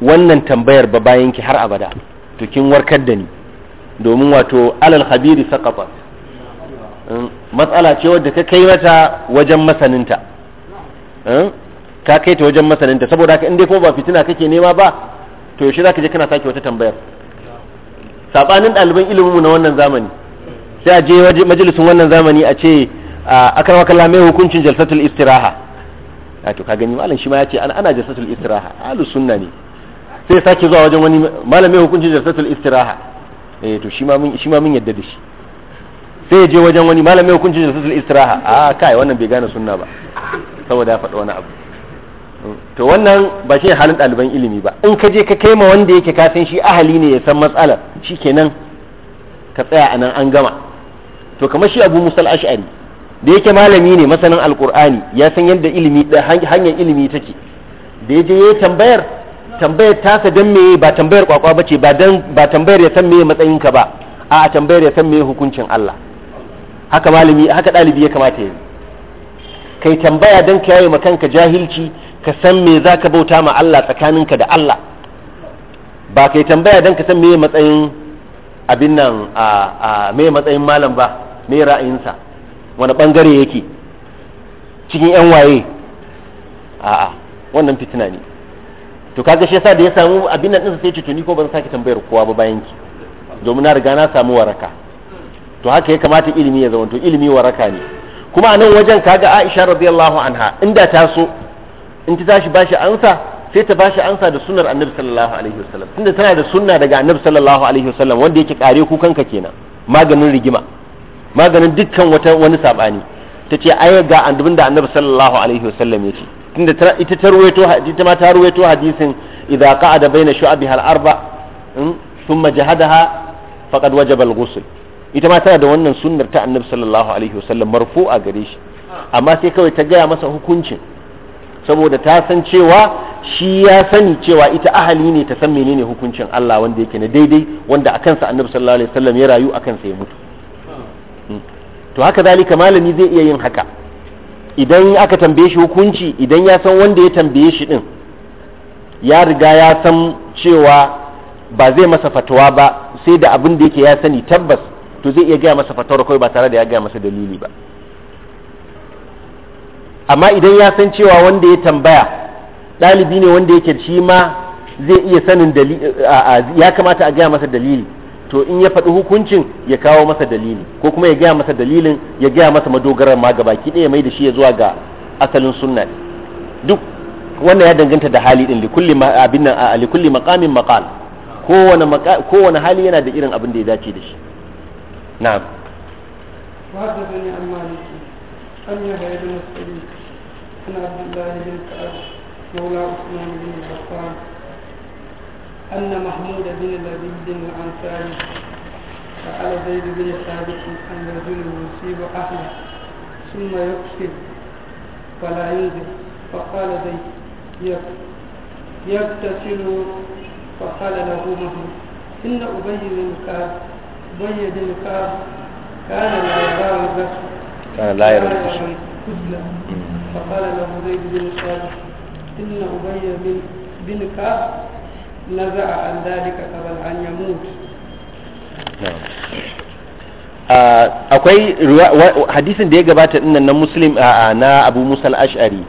wannan tambayar ba bayan ki har abada to kin warkar da ni domin wato alal khabiri saqatat hmm, matsala ce wadda ka kai mata wajen masaninta hmm, ka kai ta wajen masaninta saboda haka inda kuma ko ba fitina kake nema ba to yaushe zaka je kana sake wata tambayar sabanin ɗaliban ilimin na wannan zamani sai a je majalisin wannan zamani a ce a kallame mai hukuncin jalsatul istiraha a to ka gani malam shi ma ya ce ana jalsatul istiraha ahlus sunna ne sai sake zuwa wajen wani mai hukunci jalsatul istiraha eh to shi ma mun shi ma mun yadda da shi sai ya je wajen wani mai hukunci jalsatul istiraha a kai wannan bai gane sunna ba saboda ya faɗi wani abu to wannan ba shi halin ɗaliban ilimi ba in ka je ka kai ma wanda yake ka san shi ahali ne ya san matsalar shikenan ka tsaya anan an gama to kamar shi Abu musal ashari da yake malami ne masanin alkur'ani ya san yadda ilimi hanyar ilimi take da je ya tambayar tambayar tasa dan meye ba tambayar kwakwa ba ce ba tambayar ya san meye matsayin ka ba a tambayar ya san meye hukuncin Allah haka malami haka dalibi ya kamata ya yi kai tambaya dan ka yaye kanka jahilci ka san me zaka bauta ma Allah tsakaninka da Allah ba kai tambaya dan ka san meye matsayin abin nan a me matsayin malam ba me ra'ayinsa wani bangare yake cikin yan waye a'a wannan fitina ne to kaga shi yasa da ya samu abin nan ɗinsa sai ce to ni ko ban sake tambayar kowa ba bayan ki domin na riga na samu waraka to haka ya kamata ilimi ya zama to ilimi waraka ne kuma a nan wajen kaga Aisha radiyallahu anha inda ta so in ta tashi bashi ansa sai ta bashi ansa da sunnar Annabi sallallahu alaihi wasallam tunda tana da sunna daga Annabi sallallahu alaihi wasallam wanda yake kare ku kanka kenan maganin rigima maganin dukkan wata wani sabani tace ai ga andubin da annabi sallallahu alaihi wasallam ce tunda ita ta ruwaito ita ma ta ruwaito hadisin idza qa'ada baina shu'abi hal arba hmm, thumma jahadaha faqad wajaba al-ghusl ita ma tana da wannan sunnar ta annabi sallallahu alaihi wasallam marfu'a gare shi amma sai kawai ta gaya masa hukuncin saboda ta san cewa shi ya sani cewa ita ahali ne ta san menene hukuncin Allah wanda yake na daidai wanda sa annabi sallallahu alaihi wasallam ya rayu sa ya mutu to haka zalika malami zai iya yin haka idan aka tambaye shi hukunci idan ya san wanda ya tambaye shi din ya riga ya san cewa ba zai masa fatawa ba sai da abin da yake ya sani tabbas to zai iya gaya masa fatawar kawai ba tare da ya gaya masa dalili ba amma idan ya san cewa wanda ya tambaya ɗalibi ne wanda yake shi ma zai iya sanin ya kamata a gaya masa dalili to in ya faɗi hukuncin ya kawo masa dalili ko kuma ya gaya masa dalilin ya gaya masa madogarar ma gabaki ɗaya mai da shi ya zuwa ga asalin sunna duk wannan ya danganta da hali din likulli abin nan a likulli maqamin maqal kowane wani hali yana da irin abin da ya dace da shi na'am وحدثني عن مالك عن يحيى بن سعيد عن عبد الله بن كعب مولى أن محمود بن لبيد الأنصاري سأل زيد بن ثابت أن يزول ويصيب أهله ثم يكسب فلا ينزل فقال زيد يغتسل فقال له محمود إن أبي بن كعب أبي بن كعب كان لا يرى الغسل كان لا يرى الغسل فقال له زيد بن ثابت إن أبي بن كعب نزع عن ذلك قبل أن يموت akwai hadisin da ya gabata dinnan na muslim na abu musa ashari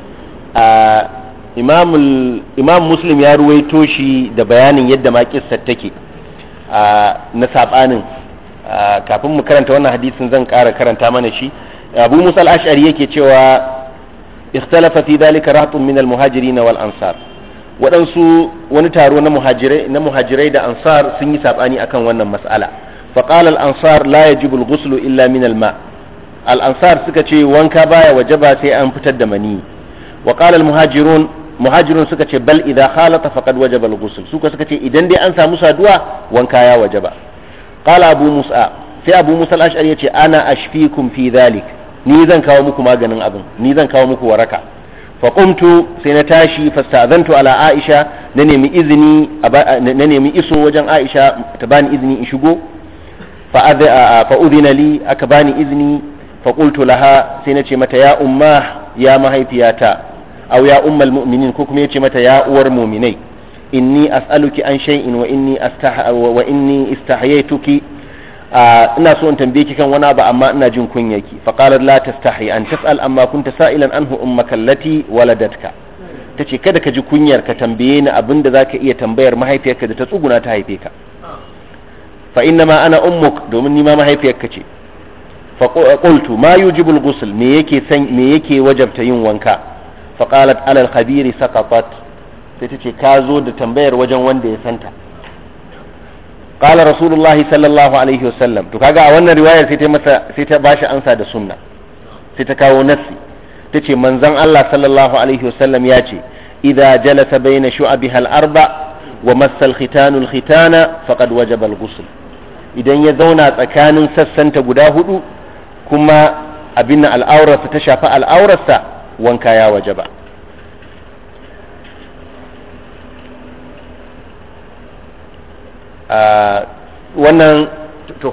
imam muslim ya ruwaito shi da bayanin yadda ma kissar take na sabanin kafin mu karanta wannan hadisin zan kara karanta mana shi abu musa ashari yake cewa istalafa fi dalika rahatun min al na wal waɗansu wani taro na muhajirai na muhajirai da ansar sun yi sabani akan wannan mas'ala fa qala al ansar la yajibu al ghusl illa min al ma al ansar suka ce wanka baya wajaba sai an fitar da mani wa qala al muhajirun muhajirun suka ce bal idza khalata faqad wajaba al ghusl suka suka ce idan dai an samu saduwa wanka ya wajaba qala abu musa sai abu musa al ash'ari yace ana ashfikum fi dhalik ni zan kawo muku maganin abin ni zan kawo muku waraka faƙumtu sai na tashi fasta'azantu ala aisha na nemi izini na nemi iso wajen aisha ta bani izini in shigo fa'udina li aka bani izini faƙultu laha sai na ce mata ya umma ya mahaifiyata aw ya ummal mu'minin ko kuma ya ce mata ya uwar mu'minai inni as'aluki an shay'in wa inni astaha wa inni ina so in tambaye ki kan wani abu amma ina jin kunya ki fa qalat la tastahi an tas'al amma kunta sa'ilan anhu ummaka allati waladatka tace kada ka ji kunyar ka tambaye ni abinda zaka iya tambayar mahaifiyarka da ta tsuguna ta haife ka fa inna ma ana ummuk domin ni ma mahaifiyarka ce fa qultu ma yujibu al me yake san me yake wajabta yin wanka fa qalat ala al-khabiri saqatat sai tace ka zo da tambayar wajen wanda ya santa qala rasulullahi sallallahu alaihi wasallam to kaga a wannan riwaya sai ta masa sai ta bashi ansa da sunna sai ta kawo nassi tace manzon Allah sallallahu alaihi wasallam ya ce idza jalasa baina shu'abiha al-arba wa massa al-khitanu al-khitana faqad wajaba al-ghusl idan ya zauna tsakanin sassanta guda hudu kuma abin al'aurarsa ta shafi al'aurarsa wanka ya wajaba wannan to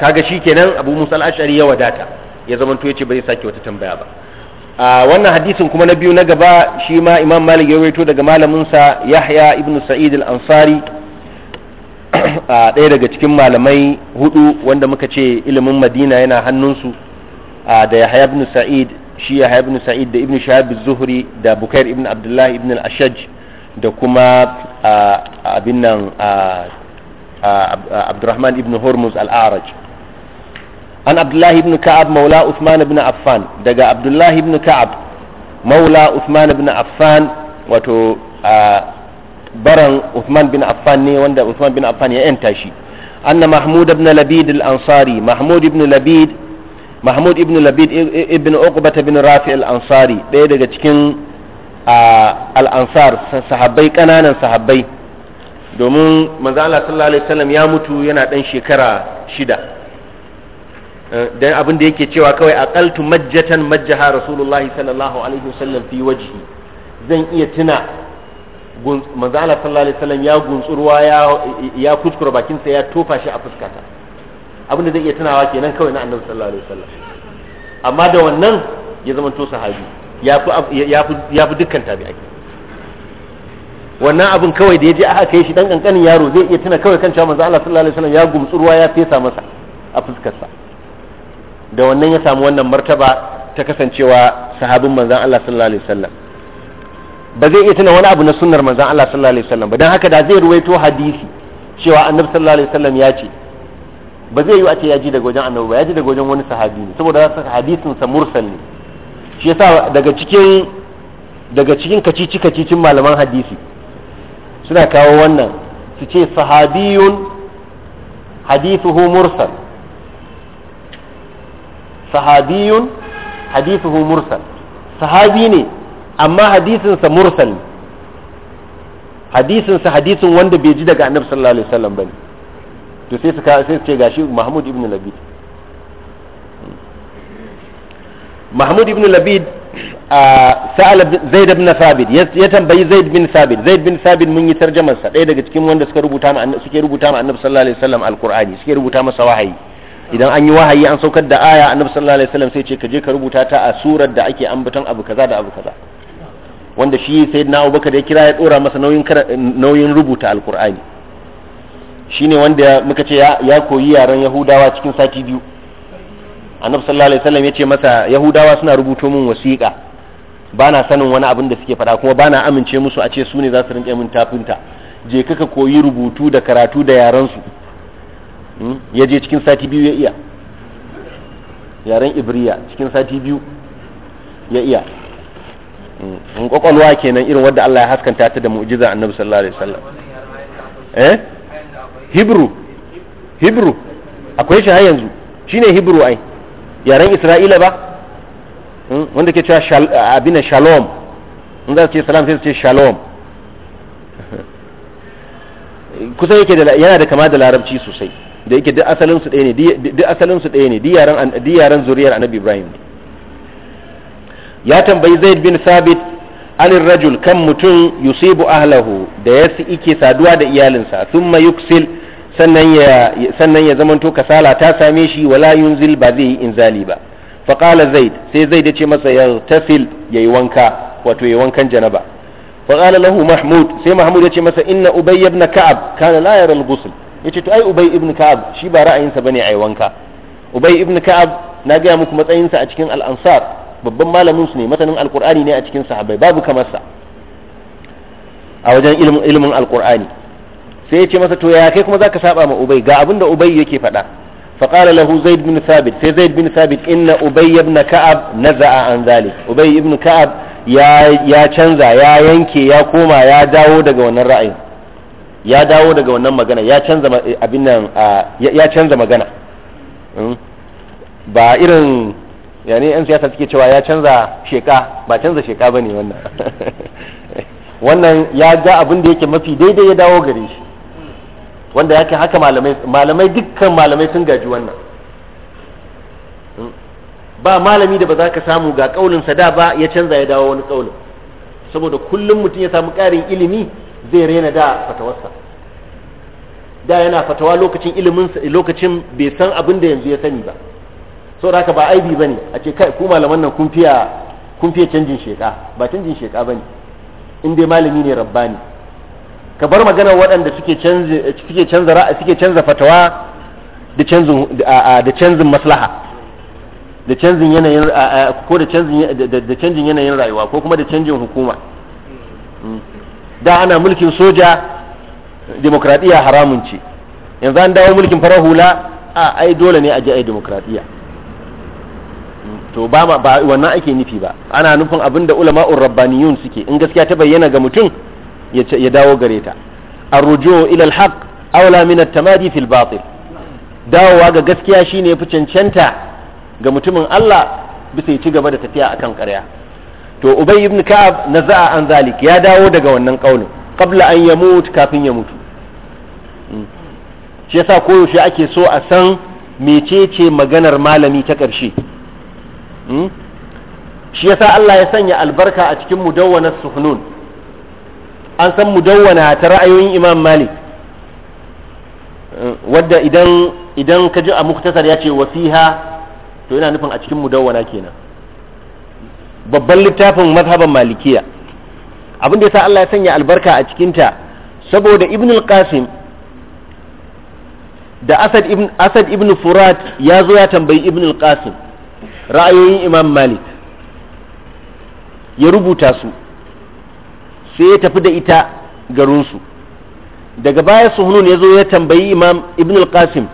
kaga shi kenan abu musa al'ashari ya wadata ya zama to yace ba sake wata tambaya ba a wannan hadisin kuma na biyu na gaba shi ma imam malik ya rawaito daga sa yahya ibn sa'id al-ansari a ɗaya daga cikin malamai hudu wanda muka ce ilimin madina yana hannunsu da yahya ibn sa'id shi yahya ibn sa'id da ibn shahab zuhri da bukair ibn abdullah ibn al-ashaj da kuma abin nan abdurrahman ibn hormuz al-araj an abdullahi ibn ka'ab maula uthman ibn affan daga abdullahi ibn ka'ab maula uthman ibn affan wato baran uthman bin affan ne wanda uthman bin affan ya yanta shi anna mahmud ibn labid al-ansari mahmud ibn labid ibn labid ibn uqbah rafi al-ansari ɗaya daga cikin al-ansar sahabbai ƙananan sahabbai domin manzo Allah sallallahu alaihi wasallam ya mutu yana dan shekara shida eh, dan abin da yake cewa kawai aqaltu majjatan majjaha rasulullahi sallallahu alaihi wasallam fi wajhi zan iya tuna manzo Allah sallallahu alaihi wasallam ya gunsurwa ya ya kuskura bakin sa ya tofa shi a fuskata abin da zai iya tunawa kenan kawai na annabi sallallahu alaihi wasallam amma da wannan ya zama to sahabi ya fi ya fi dukkan tabi'ai wannan abin kawai da ya je aka kai shi dan kankanin yaro zai iya tuna kawai kan cewa manzo Allah sallallahu alaihi wasallam ya gumtsu ruwa ya fesa masa a fuskarsa da wannan ya samu wannan martaba ta kasancewa sahabin manzon Allah sallallahu alaihi wasallam ba zai iya tuna wani abu na sunnar manzon Allah sallallahu alaihi wasallam ba dan haka da zai ruwaito hadisi cewa annabi sallallahu alaihi wasallam ya ce ba zai yi a ce ya ji daga wajen annabi ba ya ji daga wajen wani sahabi ne saboda hadisin sa mursal ne shi yasa daga cikin daga cikin kacici kacicin malaman hadisi suna kawo wannan su ce sahabiyun hadithuhu mursal sahabiyun hadithuhu mursal sahabi ne amma hadisinsa mursal hadisinsa hadisin wanda bai ji daga annabi sallallahu alaihi wasallam bane to sai su sai su ce gashi mahmud ibn labid mahmud ibn labid sa'al zaid ibn thabit ya tambayi zaid bin thabit zaid bin thabit mun yi tarjumar sa ɗaya daga cikin wanda suka rubuta ma suke rubuta ma annabi sallallahu alaihi wasallam alqur'ani suke rubuta masa wahayi idan an yi wahayi an saukar da aya annabi sallallahu alaihi wasallam sai ce ka je ka rubuta ta a surar da ake ambaton abu kaza da abu kaza wanda shi sayyidina abubakar ya kira ya dora masa nauyin nauyin rubuta alqur'ani shine wanda muka ce ya koyi yaran yahudawa cikin sati biyu annabi sallallahu alaihi wasallam yace masa yahudawa suna rubuto min wasiƙa bana sanin wani abin da suke faɗa kuma bana amince musu a ce su ne za su rinƙe min tafinta je kaka koyi rubutu da karatu da yaran su hmm? ya je cikin sati biyu ya iya yaren ibriya cikin sati biyu ya iya in hmm? kwakwalwa kenan irin wadda Allah ya haskanta ta da mu'jiza annabi sallallahu alaihi wasallam eh hebrew hebrew akwai shi har yanzu shine hebrew ai yaren isra'ila ba hmm? wanda ke cewa abin shalom in za su ce salam sai su ce shalom *laughs* kusan yake yana da kama da larabci sosai da yake duk asalin su ɗaya ne duk asalin su ɗaya ne duk yaren zuriyar annabi ibrahim ya tambayi zaid bin sabit anin rajul kan mutum yusibu ahlahu da ya ike saduwa da iyalinsa thumma yuksil sannan ya zamanto kasala ta same shi wala yunzil ba zai yi inzali ba fa qala zaid sai zaid ya ce masa yartasil yayi wanka wato yayi wankan janaba fa qala lahu mahmud sai mahmud ya ce masa inna ubay ibn ka'ab kana la yara al-ghusl yace to ai ubay ibn ka'ab shi ba ra'ayinsa bane ai wanka ubay ibn ka'ab na ga muku matsayinsa a cikin al-ansar babban malamin su ne matanin alqur'ani ne a cikin sahabbai babu kamar sa a wajen ilimin alqur'ani sai ya ce masa to ya kai kuma zaka saba ma ubay ga abinda ubay yake fada fa qala lahu zaid bin thabit sai zaid bin thabit inna ubay ibn ka'ab naza'a an zalik ubay ibn ka'ab ya ya canza ya yanke ya koma ya dawo daga wannan ra'ayin ya dawo daga wannan magana ya canza eh, abin nan ya canza magana hmm? ba irin yani yan siyasa suke cewa ya canza sheka ba canza sheka bane wannan *laughs* wannan ya ga abin da yake mafi daidai ya dawo gare shi wanda yake haka malamai malamai dukkan malamai sun gaji wannan hmm? ba malami da ba za ka samu ga kaulinsa da ba ya canza ya dawo wani kaulin saboda kullum mutum ya samu ƙarin ilimi zai rena da fatawarsa da yana fatawa lokacin ilimin lokacin bai san abin da yanzu ya sani ba saboda haka ba aibi bane a ce kai ku malaman nan kun fiya kun fiye canjin sheka ba canjin sheka bane in dai malami ne rabbani ka bar maganar waɗanda suke canza suke canza suke canza fatawa da canzin da canzin maslaha da canzin yanayin ko da canzin da canjin yanayin rayuwa ko kuma da canjin hukuma hmm. da ana mulkin soja demokradiyya haramun ce yanzu an dawo mulkin farar hula a ai dole ne a ji ai demokradiyya hmm. to ba ba wannan ake nufi ba ana nufin abinda da ulama'ur rabbaniyun suke in gaskiya ta bayyana ga mutum ya dawo gare ta arrujo ila alhaq aula min at-tamadi fil batil dawowa ga gaskiya shine yafi cancanta ga mutumin Allah bisa ya ci gaba da tafiya akan ƙarya to ubay ibn ka'ab naza'a an zalik ya dawo daga wannan kaulin qabla an yamut kafin ya mutu hmm. shi yasa koyaushe ake so a san mecece maganar malami ta ƙarshe hmm. shi yasa Allah ya sanya albarka a cikin mudawwanar suhnun an san mudawwana ta ra'ayoyin imam malik wadda idan idan ka ji a muktasar ya ce wasiha to yana nufin a cikin mudawwana kenan babban littafin mazhaban malikiya abin da yasa Allah ya sanya albarka a cikinta saboda ibn qasim da asad ibn asad ibn furat ya zo ya tambayi ibn qasim ra'ayoyin imam malik ya rubuta su sai ya tafi da ita garinsu daga baya suhunun ya zo ya tambayi imam ibn al-qasim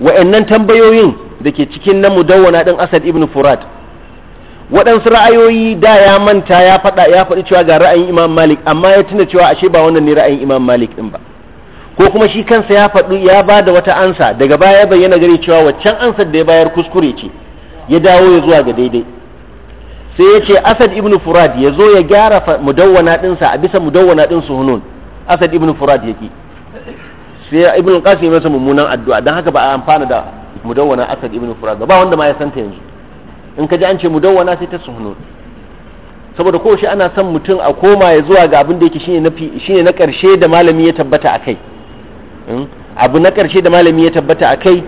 wa'annan tambayoyin da ke cikin na mudawwana ɗin asad ibn furat waɗansu ra'ayoyi da ya manta ya faɗa ya faɗi cewa ga ra'ayin imam malik amma ya tuna cewa ashe ba wannan ne ra'ayin imam malik ɗin ba ko kuma shi kansa ya faɗi ya ba da wata ansa daga baya ya bayyana gare cewa waccan ansar da ya bayar kuskure ce ya dawo ya zuwa ga daidai sai ya ce asad ibn furad ya zo ya gyara mudawwana dinsa a bisa mudawwana din su hunun asad ibn furad yake sai ibn qasim ya masa mummunan addu'a dan haka ba a amfana da mudawwana asad ibn furad ba wanda ma ya santa yanzu in ka ji an ce mudawwana sai ta su hunun saboda ko shi ana son mutum a koma ya zuwa ga abin da yake shine na shine na karshe da malami ya tabbata akai hmm? abu na karshe da malami ya tabbata akai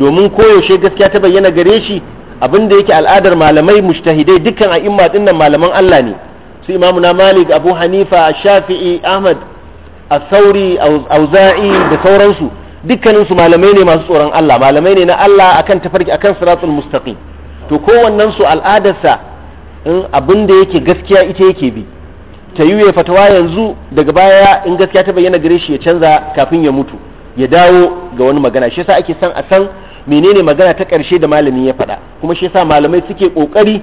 domin koyaushe gaskiya ta bayyana gare shi abin da yake al'adar malamai mujtahidai dukkan a'imma dinnan malaman Allah ne su na malik abu hanifa shafi'i ahmad asauri auza'i da sauransu dukkaninsu su malamai ne masu tsoron Allah malamai ne na Allah akan tafarki akan siratul mustaqim to kowannen su al'adarsa in abin da yake gaskiya ita yake bi ta yi fatawa yanzu daga baya in gaskiya ta bayyana gare shi ya canza kafin ya mutu ya dawo ga wani magana shi yasa ake san a san menene magana ta ƙarshe da malami ya faɗa kuma shi yasa malamai suke ƙoƙari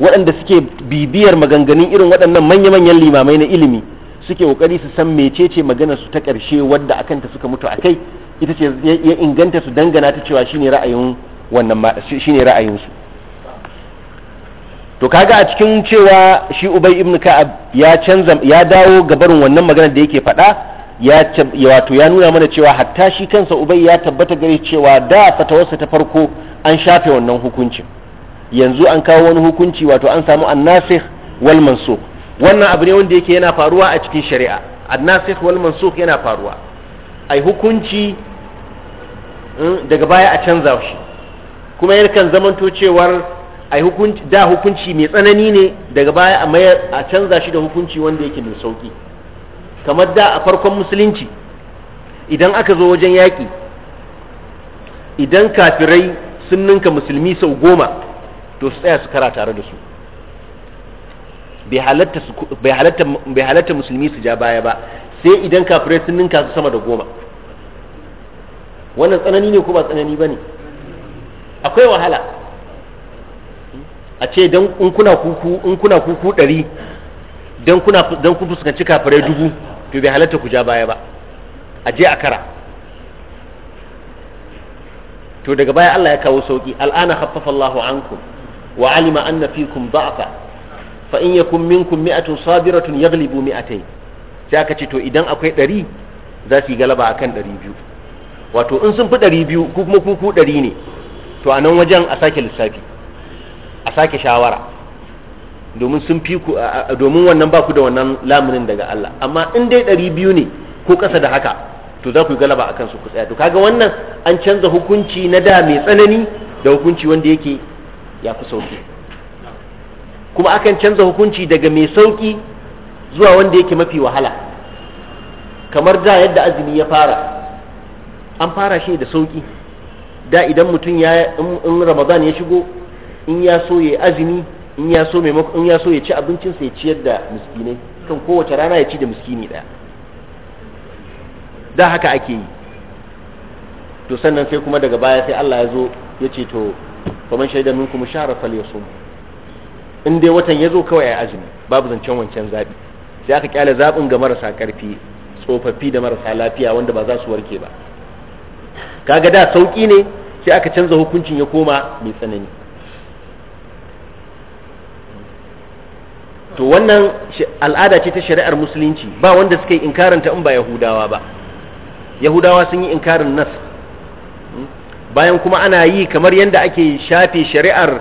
waɗanda suke bibiyar maganganun irin waɗannan manya-manyan limamai na ilimi suke ƙoƙari su san mecece maganar su ta ƙarshe wadda akan ta suka mutu akai kai ita ce ya inganta su dangana ta cewa shine ra'ayin wannan shine ra'ayin su to kaga a cikin cewa shi ubay ibn ka'ab ya canza ya dawo gabarin wannan maganar da yake faɗa ya wato ya nuna mana cewa hatta shi kansa ubai ya tabbata gare cewa da fatawarsa ta farko an shafe wannan hukuncin yanzu an kawo wani hukunci wato an samu annasikh wal mansukh wannan abu ne wanda yake yana faruwa a cikin shari'a annasikh wal mansukh yana faruwa ai hukunci hmm, daga baya a canza shi kuma yakan zamanto cewar ai hukunci da hukunci mai tsanani ne daga baya a canza shi da hukunci wanda yake mai sauki kamar da a farkon musulunci idan aka zo wajen yaƙi idan kafirai sun ninka musulmi sau goma to su tsaya su kara tare da su bai halatta musulmi su ja baya ba sai idan kafirai sun ninka su sama da goma wannan tsanani ne ko ba tsanani ba ne akwai wahala a ce don in kuna kuku ɗari don kuna fuskanci kafirai dubu to bai halatta ku ja baya ba a je a kara to daga baya Allah ya kawo sauki al'ana khaffafa Allahu anku wa alima anna fikum da'fa fa in yakum minkum mi'atun sabiratun yaghlibu mi'atayn sai aka ce to idan akwai ɗari za su yi galaba akan ɗari biyu wato in sun fi ɗari biyu kuma ku ku ɗari ne to a nan wajen a sake lissafi a sake shawara domin sun fi ku domin wannan ba ku da wannan lamunin daga Allah amma in dai ɗari biyu ne ko ƙasa da haka to za ku yi galaba akan su ku tsaya to kaga wannan an canza hukunci na da mai tsanani da hukunci wanda yake ya fi sauki kuma akan canza hukunci daga mai sauki zuwa wanda yake mafi wahala kamar da yadda azumi ya fara an fara shi da sauki da idan mutum ya in ramadan ya shigo in ya so ya azumi in ya so maimakon in ya so ya ci abincinsa ya ciyar da miskinai kan kowace rana ya ci da miskini ɗaya da haka ake yi to sannan sai kuma daga baya sai Allah ya zo ya ce to faman shaida minkum fal falyasum in dai watan ya zo kawai ya azumi babu zancen wancan zabi sai aka kyale zabin ga marasa karfi tsofaffi da marasa lafiya wanda ba za su warke ba kaga da sauki ne sai aka canza hukuncin ya koma mai tsanani to wannan al'ada ce ta shari'ar musulunci ba wanda suka yi inkaranta in ba yahudawa ba yahudawa sun yi inkarin nas hmm? bayan kuma ana yi kamar yadda ake shafe shari'ar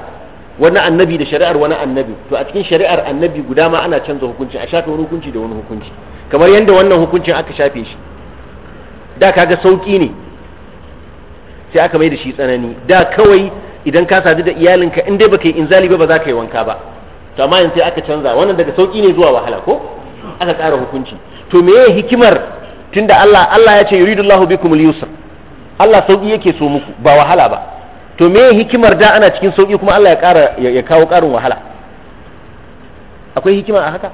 wani annabi da shari'ar wani annabi to a cikin shari'ar annabi guda ma ana canza hukunci a shafe wani hukunci da wani hukunci kamar yadda wannan hukuncin aka shafe shi da kaga sauki ne sai aka mai da shi tsanani da kawai idan ka sadu da iyalinka in dai baka yi inzali ba ba za ka yi wanka ba to amma yanzu sai aka canza wannan daga sauki ne zuwa wahala ko aka ƙara hukunci to meye hikimar tunda Allah Allah ya ce yuridullahu bikumul yusr Allah sauki yake so muku ba wahala ba to meye hikimar da ana cikin sauki kuma Allah ya ƙara ya kawo ƙarin wahala akwai hikima a haka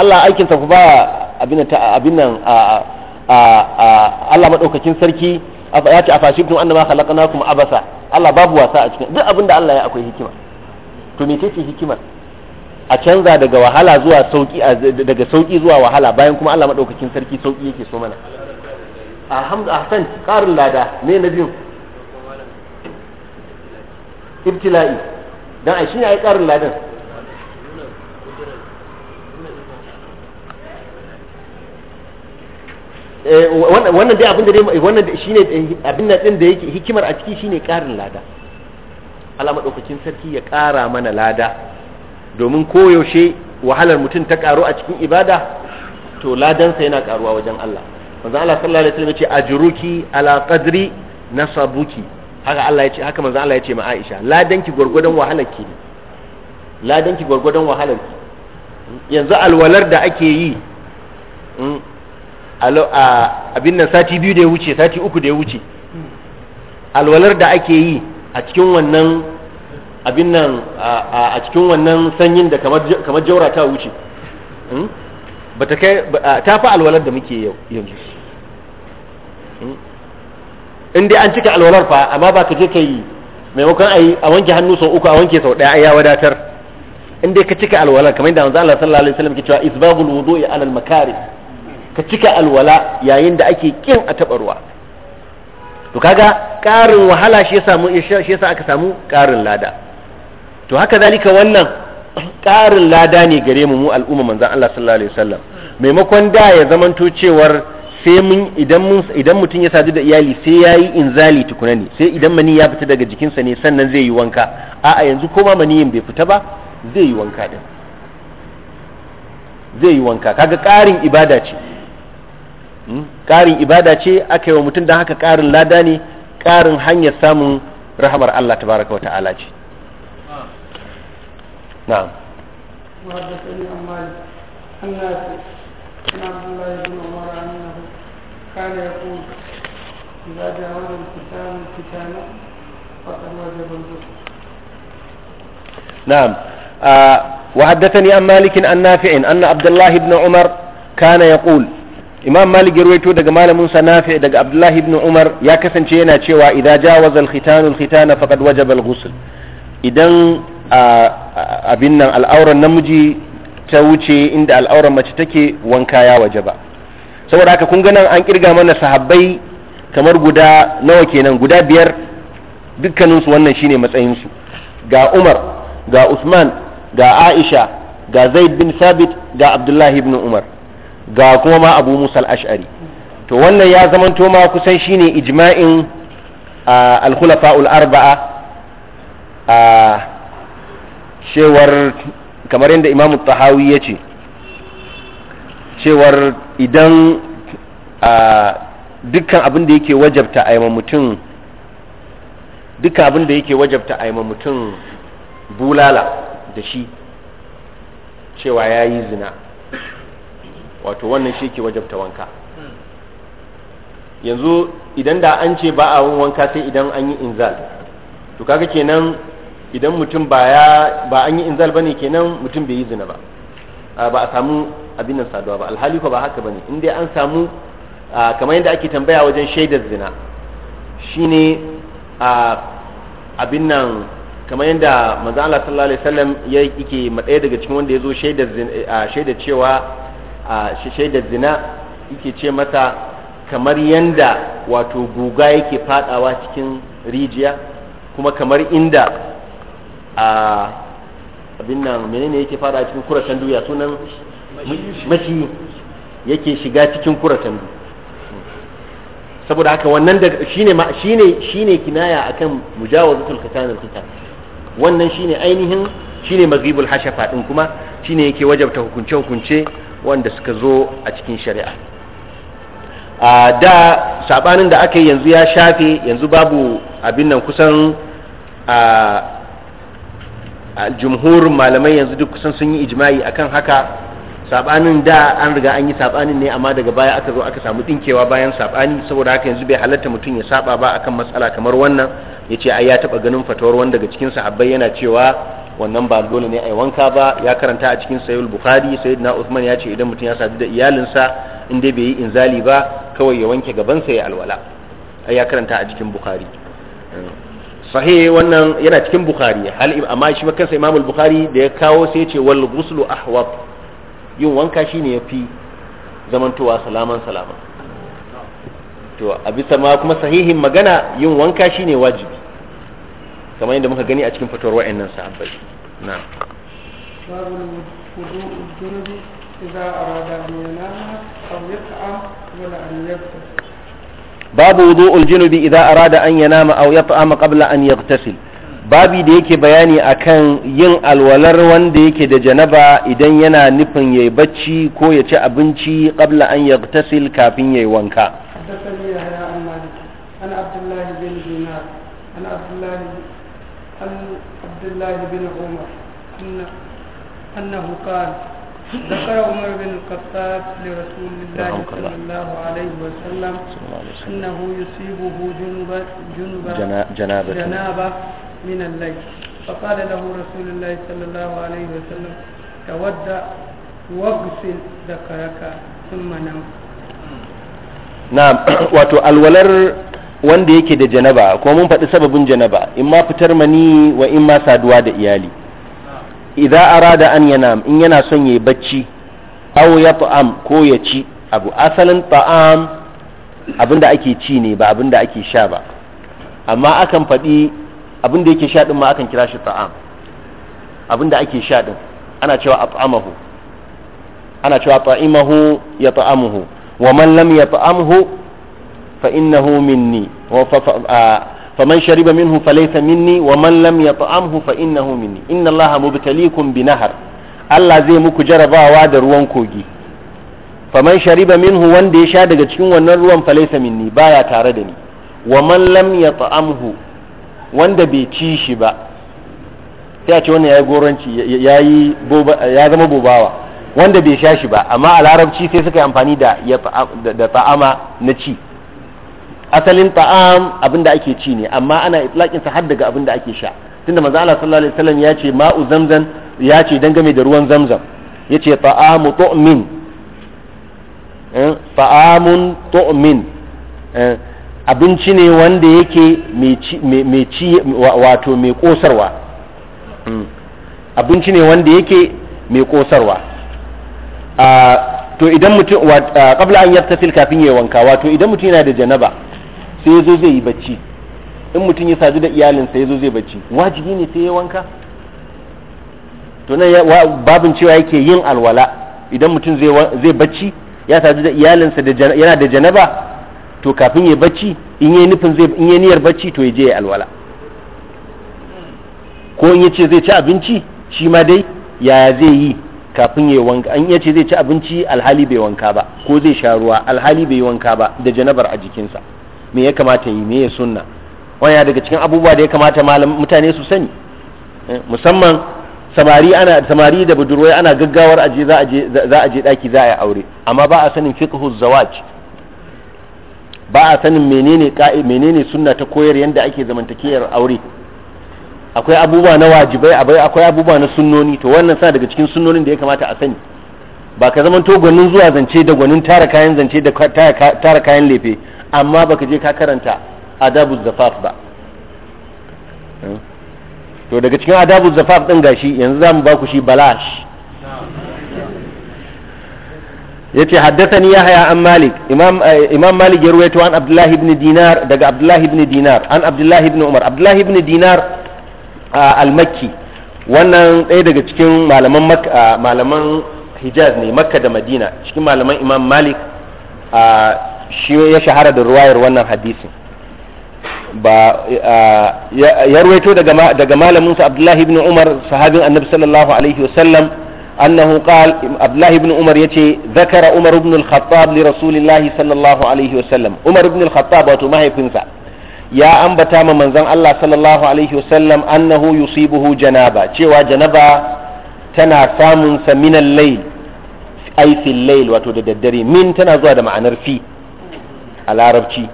Allah aikin sa ku ba abin abin nan a a Allah madaukakin sarki ya ce afashibtum annama khalaqnakum abasa Allah babu wasa a cikin duk abin da Allah ya akwai hikima to me ce hikimar a canza daga wahala zuwa sauki daga sauki zuwa wahala bayan kuma Allah madaukakin sarki sauki yake so mana alhamdu ahsan qarul lada ne na biyu ibtila'i dan a shine ai qarul ladan eh, wannan dai abin da dai wannan shine abin nan din da yake hikimar a ciki shine qarul lada Allah madaukakin sarki ya kara mana lada domin koyaushe wahalar mutum ta karu a cikin ibada to ladansa yana karuwa wajen Allah manzo Allah sallallahu alaihi wasallam ya ce ajruki ala qadri nasabuki haka Allah ya ce haka manzo Allah ya ce ma Aisha ladanki gurgurdan wahalarki ne ladanki gurgurdan wahalarki yanzu alwalar da ake yi hmm, a abin nan sati biyu da ya wuce sati uku da ya wuce alwalar da ake yi a cikin wannan abin nan a cikin wannan sanyin da kamar jaura ta wuce hmm? ta fi alwalar da muke yanzu hmm? in dai an cika alwalar fa amma ba ka je ka yi maimakon a yi a wanke hannu sau uku a wanke sau daya ya wadatar in dai ka cika alwalar kamar yadda manzo Allah sallallahu alaihi wasallam ke cewa isbagul wudu'i ala makari ka cika alwala yayin da ake kin a taɓa ruwa to kaga ƙarin wahala shi yasa aka samu ƙarin lada to haka zalika wannan ƙarin lada ne gare mu mu al'umma manzan Allah sallallahu alaihi wasallam maimakon da ya zamanto cewar sai mun idan mun idan mutum ya sadu da iyali sai yayi inzali tukuna ne sai idan mani ya fita daga jikinsa ne sannan zai yi wanka a'a yanzu ko ma maniyin bai fita ba zai yi wanka din zai yi wanka kaga ƙarin ibada ce hmm? ƙarin ibada ce aka yi wa mutum don haka ƙarin lada ne ƙarin hanyar samun rahamar Allah tabaraka wa ta'ala ce نعم وحدثني عن مالك عن نافع عن عبد الله بن عمر انه كان يقول اذا جاوز الختان الختان فقد وجب نعم آه، وحدثني عن مالك عن نافع ان عبد الله بن عمر كان يقول إمام مالك رويته دق مال موسى نافع دق عبد الله بن عمر يا كسن إذا جاوز الختان الختان فقد وجب الغسل إذا abin nan al'auran namiji ta wuce inda al'auran mace take wanka ya waje ba saboda haka kun nan an kirga mana sahabbai kamar guda nawa kenan guda biyar dukkaninsu wannan shine matsayinsu ga umar ga usman ga aisha ga zaid bin sabit ga abdullahi ibn umar ga kuma ma abu musal ash'ari to wannan ya zamanto ma kusan shine ijma'in al-khulafa'ul arba'a cewar kamar yadda imamu tahawi ya ce cewar idan a dukkan abin da yake wajabta a mutum dukkan abin da yake wajabta a mutum bulala da shi cewa ya yi zina wato wannan shi ke wajabta wanka yanzu idan da an ce ba a wanka sai idan an yi inzal to kaga kenan idan mutum ba ba an yi inzal bane kenan mutum bai yi zina ba ba a samu abin nan saduwa ba alhali ko ba haka bane in dai an samu kamar yadda ake tambaya wajen shaidar zina shine abin nan kamar yadda manzo Allah sallallahu alaihi wasallam yake madaya daga cikin wanda ya zo shaidar shaidar cewa shaidar zina yake ce mata kamar yanda wato guga yake fadawa cikin rijiya kuma kamar inda a abin nan menene yake a cikin kuratan duya sunan mashi yake shiga cikin kuratan duya saboda haka wannan da shine shine shine kinaya akan mujawazatul khitan al khitan wannan shine ainihin shine maghibul hashafa din kuma shine yake wajabta hukunce hukunce wanda suka zo a cikin shari'a a da sabanin da aka yi yanzu ya shafe yanzu babu abin nan kusan a jumhurin malamai yanzu duk kusan sun yi ijma'i akan haka sabanin da an riga an yi sabanin ne amma daga baya aka zo aka samu dinkewa bayan sabani saboda haka yanzu bai halatta mutum ya saba ba akan matsala kamar wannan ya ce ai ya taba ganin fatawar wanda daga cikin sahabbai yana cewa wannan ba dole ne ai wanka ba ya karanta a cikin sahih bukhari na usman ya ce idan mutum ya sadu da iyalinsa in dai bai yi inzali ba kawai ya wanke gaban sa ya alwala ai ya karanta a cikin bukhari sahih wannan yana cikin bukhari hal amma shi ma kansa imamul bukhari da ya kawo sai ya ce wal ghuslu ahwab yin wanka shine yafi zamantowa salaman salama to a bisa ma kuma sahihin magana yin wanka shine wajibi kamar yadda muka gani a cikin fitowar wa'annan sahabbai na إذا أراد أن ينام أو يطعم ولا أن يبتسم babu wudu'ul junubi idza arada an yanama aw yat'ama qabla an yaghtasil babi da yake bayani akan yin alwalar wanda yake da janaba idan yana nufin yayi bacci ko ya ci abinci qabla an yaghtasil kafin yayi wanka أنه قال ذكر عمر بن الخطاب لرسول الله صلى الله عليه وسلم أنه يصيبه جنوب جنوب جنابة, جنابة من الليل فقال له رسول الله صلى الله عليه وسلم تودع واغسل ذكرك ثم نم نعم واتو الولر wanda yake da janaba ko mun faɗi sababin janaba in ma fitar mani wa in ma saduwa da iyali idza arada an yanam in yana son yayi bacci aw yat'am ko ya ci abu asalin ta'am abinda ake ci ne ba abinda ake sha ba amma akan faɗi abinda yake sha din ma akan kira shi ta'am abinda ake sha din ana cewa at'amahu ana cewa ta'imahu ya ta'amuhu wa man lam ya ta'amhu fa innahu minni wa fa faman shariba minhu falaysa minni wa man lam yat'amhu fa innahu minni inna allaha mubtaliikum bi nahar Allah zai muku jarabawa da ruwan kogi faman shariba minhu wanda ya sha daga cikin wannan ruwan falaysa minni baya tare da ni wa man lam yat'amhu wanda bai ci shi ba sai a ce wannan yayi goranci yayi ya zama bobawa wanda bai sha shi ba amma a larabci sai suka yi amfani da da ta'ama na ci asalin ta'am da ake ci ne amma ana itlaƙin sa har daga da ake sha tunda manzo Allah sallallahu alaihi wasallam ya ce ma'u zamzam ya ce dangane da ruwan zamzam yace ta'amu tu'min eh, ta'amun tu'min eh, abinci ne wanda yake mai ci wato mai kosarwa hmm. abinci ne wanda yake mai kosarwa ah, to idan mutum ah, qabla an yattasil kafin ya wanka wato idan mutum yana da janaba sai ya zo zai yi bacci in mutum ya sadu da iyalinsa ya zo zai bacci wajibi ne sai ya wanka to nan babin cewa yake yin alwala idan mutum zai bacci ya sadu da iyalinsa yana da janaba to kafin ya bacci in yi nufin zai in yi niyyar bacci to ya je ya alwala ko in yace zai ci abinci shi ma dai yaya zai yi kafin ya wanka an yace zai ci abinci alhali bai wanka ba ko zai sha ruwa alhali bai wanka ba da janabar a jikinsa me ya kamata yi me ya sunna wani daga cikin abubuwa da ya kamata mutane su sani eh, musamman samari ana samari da budurwai ana gaggawar aje za a je za a je daki za a yi aure amma ba a sanin fiqhu zawaj ba a sanin menene ka'i menene sunna ta koyar yanda ake zamantakewar aure akwai abubuwa na wajibai akwai abubuwa na sunnoni to wannan sa daga cikin sunnonin da ya kamata a sani ba ka zama to gwanin zuwa zance da gwanin tara kayan zance da tara kayan lefe amma baka je ka karanta adabu zafaf ba to daga cikin adabu zafaf din gashi yanzu za mu ba ku shi balash yace ya haya an malik eh, imam malik ya ruwaito an abdullahi ibn dinar daga abdullahi ibn dinar an abdullahi ibn umar abdullahi ibn dinar ah, al-makki wannan ɗaya daga cikin malaman ah, malaman hijaz ne makka da madina cikin malaman imam malik a shi ya shahara da ruwayar wannan hadisin ba ya ruwaito daga daga malamin sa abdullahi ibn umar sahabin annabi sallallahu alaihi wasallam annahu qal abdullahi ibn umar yace zakara umar ibn al-khattab li rasulillahi sallallahu alaihi wasallam umar ibn al-khattab wato mahaifinsa ya ambata ma manzon Allah sallallahu alaihi wasallam annahu yusibuhu janaba cewa janaba tana samun sa minal layl ai fil layl wato da daddare min tana zuwa da ma'anar fi a larabci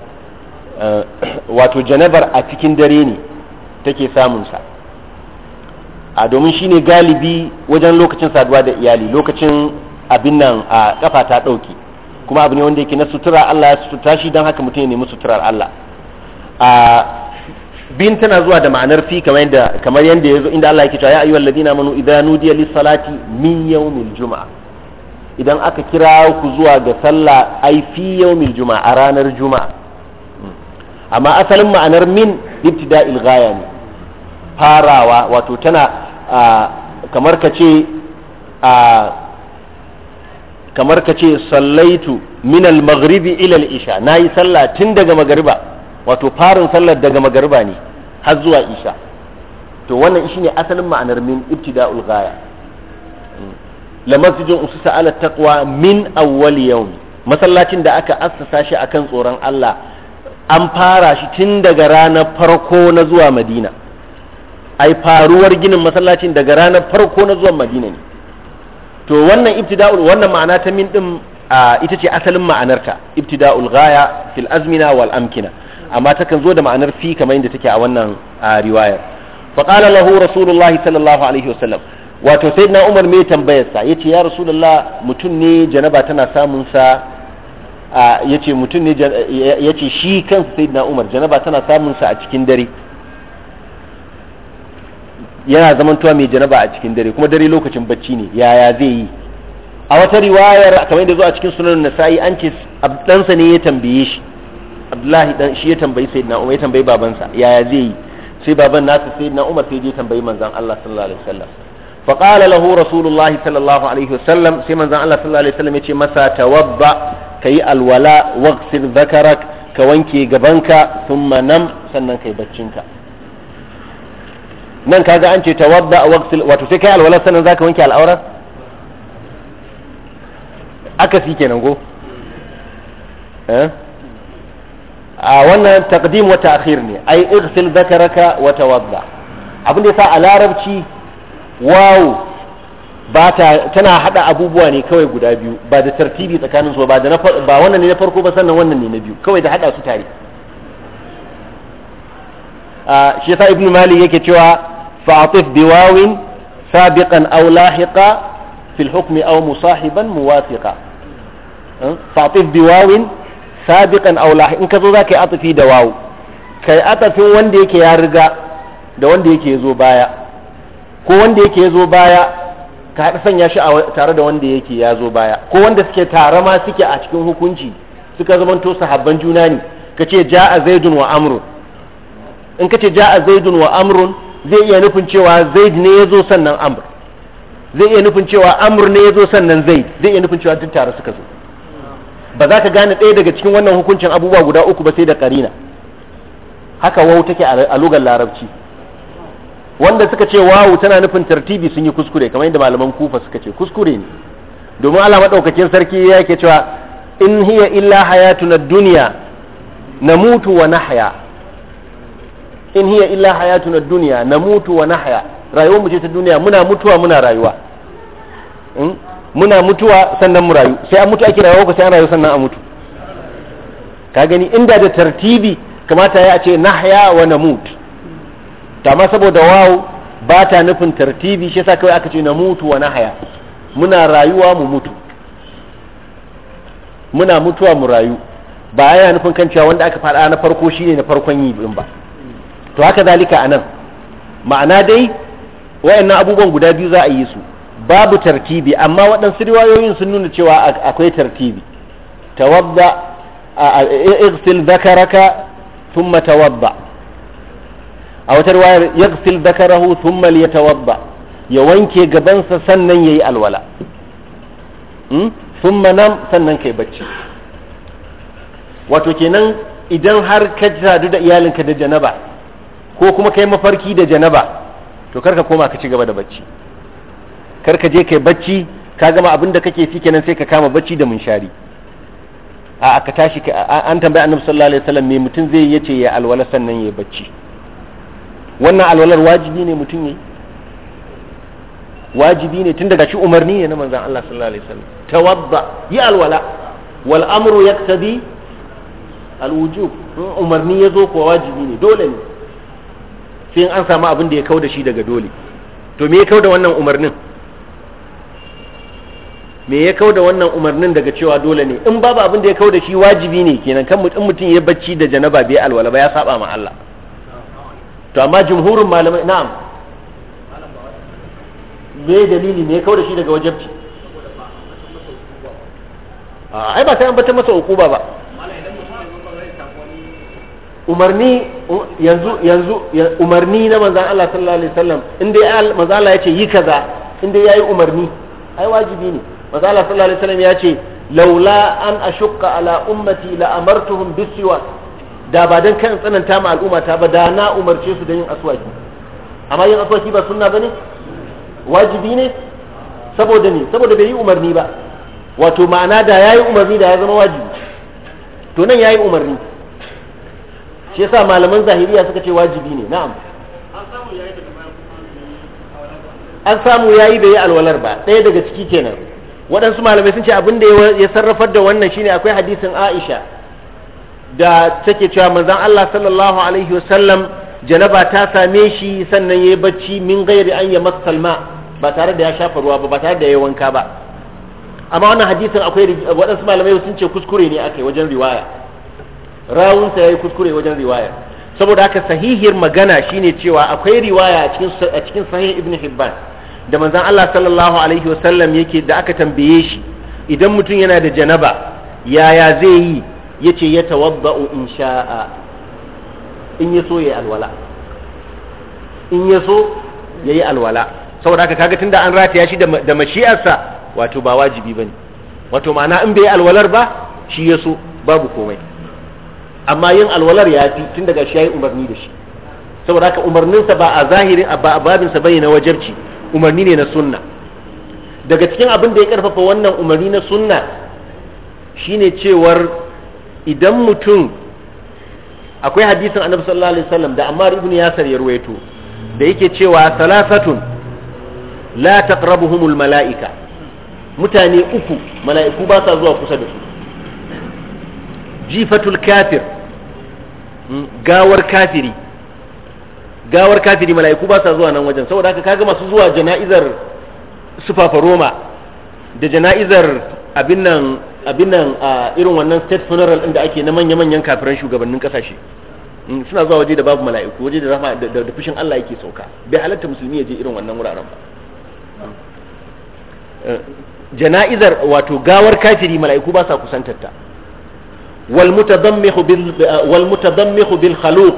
eh, *clears throat* wato janabar a cikin dare ne take samun sa a domin shine galibi wajen lokacin saduwa da iyali lokacin abin nan a kafa ta dauke kuma abu ne wanda yake na sutura Allah ya sutura shi don haka mutum ya nemi suturar Allah a bin tana zuwa da ma'anar fi kamar yadda kamar yadda yazo inda Allah yake cewa ya ayyuhal ladina amanu idza nudiya lis salati min yawmil jumu'ah idan aka kira ku zuwa ga sallah ai fi yaumil juma'a a ranar juma'a amma asalin ma'anar min ibtida'il ghaya ne farawa wato tana kamar ka ce kamar ka ce sallaitu min al-maghribi ila al-isha nayi sallah tun daga magariba wato farin sallar daga magariba ne har zuwa isha to wannan shine asalin ma'anar min ibtida'ul ghaya la ususa usisa ala taqwa min awwal yawm masallacin da aka assasa shi akan tsoron Allah an fara shi tun daga ranar farko na zuwa Madina ai faruwar ginin masallacin daga ranar farko na zuwa Madina ne to wannan ibtida'ul wannan ma'ana ta min din ita ce asalin ma'anarta ibtida'ul ghaya fil azmina wal amkina amma takan zo da ma'anar fi kamar yadda take a wannan riwayar faqala lahu rasulullahi sallallahu alaihi wasallam wato sai na umar mai tambayarsa ya ce ya rasulallah mutum ne janaba tana samunsa ya ce mutum ne ya ce shi kansa sai na umar janaba tana samunsa a cikin dare yana zamantuwa mai janaba a cikin dare kuma dare lokacin bacci ne yaya zai yi a wata riwayar kamar yadda zuwa a cikin sunan nasa'i an ce ɗansa ne ya tambaye shi abdullahi dan shi ya tambayi sayyidina umar ya tambayi babansa yaya zai yi sai baban nasa sayyidina umar sai je tambayi manzon Allah sallallahu alaihi wasallam فقال له رسول الله صلى الله عليه وسلم سيما زعل الله صلى الله عليه وسلم يتي مسا توضع كي الولاء واغسل ذكرك كوانكي جبنك ثم نم سنن كي بتشنك nan kaga an ce tawadda waghsil wato sai kai alwala sanan zaka wanke al'aura aka fi kenan go a wannan taqdim wa ta'khir ne ai ighsil dhakaraka wa tawadda abin da yasa a larabci wawu ba ta tana hada abubuwa ne kawai guda biyu ba da tartibi tsakanin su ba da na ba wannan ne na farko ba sannan wannan ne na biyu kawai da hada su tare a shi yasa ibnu malik yake cewa fa'atif bi wawin sabiqan aw lahiqa fi al-hukm aw musahiban muwafiqa fa'atif bi wawin sabiqan aw lahiqa in ka zo zaka yi atafi da wawu kai atafin wanda yake ya riga da wanda yake zo baya ko wanda yake ya zo baya ka haɗa sanya shi tare da wanda yake ya zo baya ko wanda suke tare ma suke a cikin hukunci suka zamanto sahabban juna ne ka ce ja'a zaidun wa amrun in ka ce ja'a zaidun wa amrun zai iya nufin cewa zaid ne ya zo sannan amr zai iya nufin cewa amr ne ya zo sannan zaid zai iya nufin cewa duk tare suka zo ba za ka gane ɗaya daga cikin wannan hukuncin abubuwa guda uku ba sai da karina haka wau take a lugar larabci wanda suka ce wawu tana nufin tartibi sun yi kuskure kamar yadda malaman kufa suka ce kuskure ne domin Allah madaukakin sarki ya ke cewa in hiya illa hayatuna dunya namutu wa nahya in hiya illa hayatuna dunya namutu wa nahya rayuwar mu ce ta duniya muna mutuwa muna rayuwa hmm? muna mutuwa sannan mu rayu sai an mutu ake rayuwa ko sai an rayu sannan an mutu ka gani inda da tartibi kamata ya ce nahya wa namut to amma saboda wawu ba ta nufin tartibi shi yasa kawai aka ce na mutu wa nahaya muna rayuwa mu mutu muna mutuwa mu rayu ba yana nufin kan cewa wanda aka faɗa na farko shine na farkon yi ba to haka zalika anan ma'ana dai wayannan abubuwan guda biyu za a yi su babu tartibi amma waɗansu riwayoyin sun nuna cewa akwai tartibi tawadda igsil zakaraka thumma tawadda a wata riwayar yaghsil dhakarahu thumma liyatawadda ya wanke gabansa sannan yayi alwala hmm? thumma nam sannan kai bacci wato kenan idan har ka sadu da iyalinka da janaba ko kuma kai mafarki da janaba to karka koma ka ci gaba da bacci karka je kai bacci ka gama abin da kake fi kenan sai ka kama bacci da munshari a aka tashi an tambayi annabi sallallahu alaihi wasallam me mutum zai yace ya alwala sannan ya bacci wannan alwalar wajibi ne mutum yi. wajibi ne tun daga shi umarni ne na manzan Allah sallallahu alaihi wasallam tawadda yi alwala wal amru yaktabi al wujub umarni zo ko wajibi ne dole ne sai an samu abin da ya kauda shi daga dole to me ya kauda wannan umarnin me ya kauda wannan umarnin daga cewa dole ne in babu abin da ya kauda shi wajibi ne kenan kan mutum ya bacci da janaba bai alwala ba ya saba ma Allah to amma jumhurin malamai na'am me dalili me kawo da shi daga wajabci ai ba sai an bata masa hukuma ba umarni yanzu yanzu umarni na manzon Allah sallallahu alaihi wasallam in dai manzon Allah ya ce yi kaza inda yayi umarni ai wajibi ne manzon Allah sallallahu alaihi wasallam ya ce laula an ashqa ala ummati la amartuhum bisiwak da ba dan kan tsananta ma al'umma ta ba da na umarce su da yin aswaki amma yin aswaki ba sunna bane wajibi ne saboda ne saboda bai yi umarni ba wato ma'ana da yayi umarni da ya zama wajibi to nan yayi umarni shi yasa malaman zahiriya suka ce wajibi ne na'am an samu yayi da yi alwalar ba ɗaya daga ciki kenan waɗansu malamai sun ce abin da ya sarrafar da wannan shine akwai hadisin Aisha da take cewa manzon Allah sallallahu alaihi wasallam janaba ta same shi sannan yayi bacci min gairi an ya masalma ba tare da ya shafa ruwa ba ba tare da ya wanka ba amma wannan hadisin akwai waɗansu malamai sun ce kuskure ne akai wajen riwaya rawunsa yayi kuskure wajen riwaya saboda haka sahihiyar magana shine cewa akwai riwaya a cikin a cikin sahih ibn hibban da manzon Allah sallallahu alaihi wasallam yake da aka tambaye shi idan mutum yana da janaba yaya zai yi yace ya tawadda'u in sha'a in ya so yayi alwala in ya so yayi alwala saboda haka kaga tunda an rataya shi da mashi'arsa wato ba wajibi bane wato ma'ana in bai yi alwalar ba shi ya so babu komai amma yin alwalar ya fi tun daga shi ya yi umarni da shi saboda haka umarninsa ba a zahirin ba a babinsa bane na wajarci umarni ne na sunna daga cikin abin da ya karfafa wannan umarni na sunna shine cewar idan mutum akwai hadisin annabi sallallahu alaihi wasallam da Ammar ibn Yasir ya ruwaito da yake cewa salasatun la taqrabuhumul malaika mutane uku mala'iku ba sa zuwa kusa da su jifatul kafir hmm, gawar kafiri gawar kafiri mala'iku ba sa zuwa nan wajen saboda haka kaga masu zuwa jana'izar sufafa roma da jana'izar abin nan abin nan a irin wannan state funeral inda da ake na manya-manyan kafiran shugabannin kasashe mm, suna zuwa waje da babu mala'iku waje da rahma da fushin Allah yake sauka bai halatta musulmi ya je irin wannan wuraren ba eh, jana'izar wato gawar kafiri mala'iku ba sa kusantar ta wal mutadammihu bil wal mutadammihu bil khaluq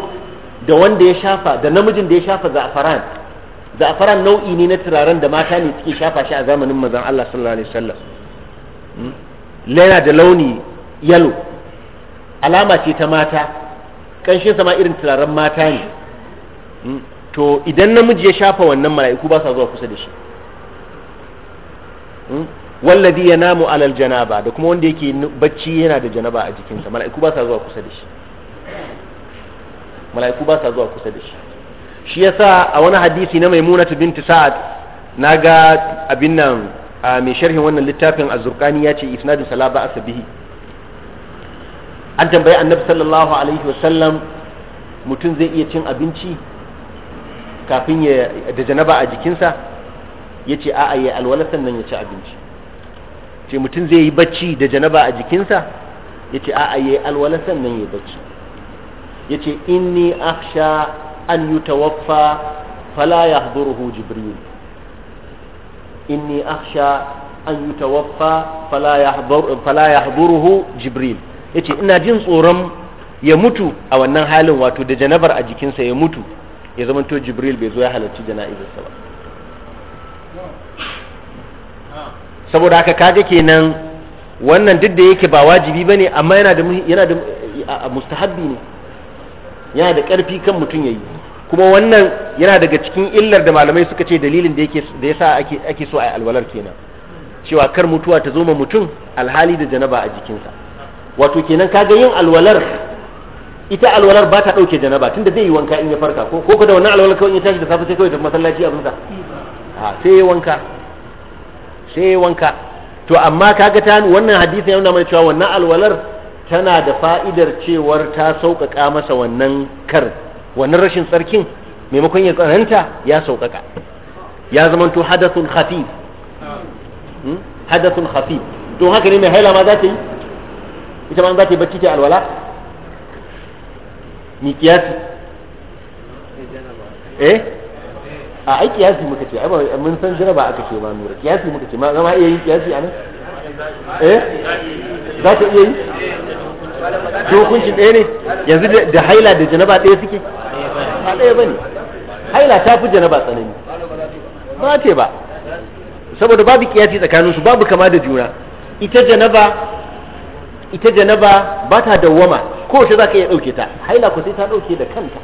da wanda ya shafa da namijin da ya shafa za'faran za'faran nau'i ne na turaren da mata ne suke shafa shi a zamanin manzon Allah sallallahu alaihi wasallam yana da launi yalo alama ce ta mata ƙanshin sama irin turaren mata ne hmm. to idan namiji ya shafa wannan mala'iku ba sa zuwa kusa da shi hmm. wallazi yanamu alal janaba da kuma wanda yake bacci yana da janaba a jikinsa mala'iku ba sa zuwa kusa da shi mala'iku ba sa zuwa kusa da shi shi yasa a wani hadisi na maimunatu binti sa'ad naga abin nan a mai sharhin wannan littafin azurkani ya ce isnadin sala ba a sabihi an tambayi annabi sallallahu alaihi wasallam mutum zai iya cin abinci kafin ya da janaba a jikinsa ya ce a'a ya alwala sannan ya ci abinci ce mutum zai yi bacci da janaba a jikinsa ya ce a'a ya alwala sannan ya bacci ya ce inni akhsha an yi tawaffa fala yahduruhu jibril inni akhsha an yutawaffa fala yahdhur fala yahdhuruhu jibril yace ina jin tsoron ya mutu a wannan halin wato da janabar a jikinsa ya mutu ya zama to jibril bai zo ya halarci jana'izarsa ba saboda haka kaga kenan wannan duk da yake ba wajibi bane amma yana da yana da mustahabbi ne yana da karfi kan mutum yayi kuma wannan yana daga cikin illar da malamai suka ce dalilin da yake da yasa ake ake so a yi alwalar kenan cewa kar mutuwa ta zo ma mutum alhali da janaba a jikinsa wato kenan kaga yin alwalar ita alwalar ba ta dauke janaba tunda zai yi wanka in ya farka ko ko da wannan alwalar kawai in ya tashi da safe sai kawai ta masallaci a musa sai ya wanka sai ya wanka to amma kaga ta wannan hadisi yana mana cewa wannan alwalar tana da fa'idar cewar ta sauƙaƙa masa wannan kar wannan rashin tsarkin maimakon ya tsananta ya sauƙaƙa ya zamanto hadathun khafif hmm? hadathun khafif to haka ne mai haila ma za ta yi ita ma za ta yi bacci ta alwala ni kiyasi eh a ai kiyasi muka ce ai mun san jaraba aka ce ba nura kiyasi muka ce ma zama iya yin kiyasi anan eh za ta iya yi to hukuncin ɗaya ne yanzu da haila da janaba ɗaya suke ba ɗaya ne haila ta fi janaba tsanani ba ce ba saboda babu kiyasi tsakanin su babu kama da juna ita janaba ita janaba ba ta dawwama ko shi zaka iya dauke ta haila ko sai ta dauke da kanta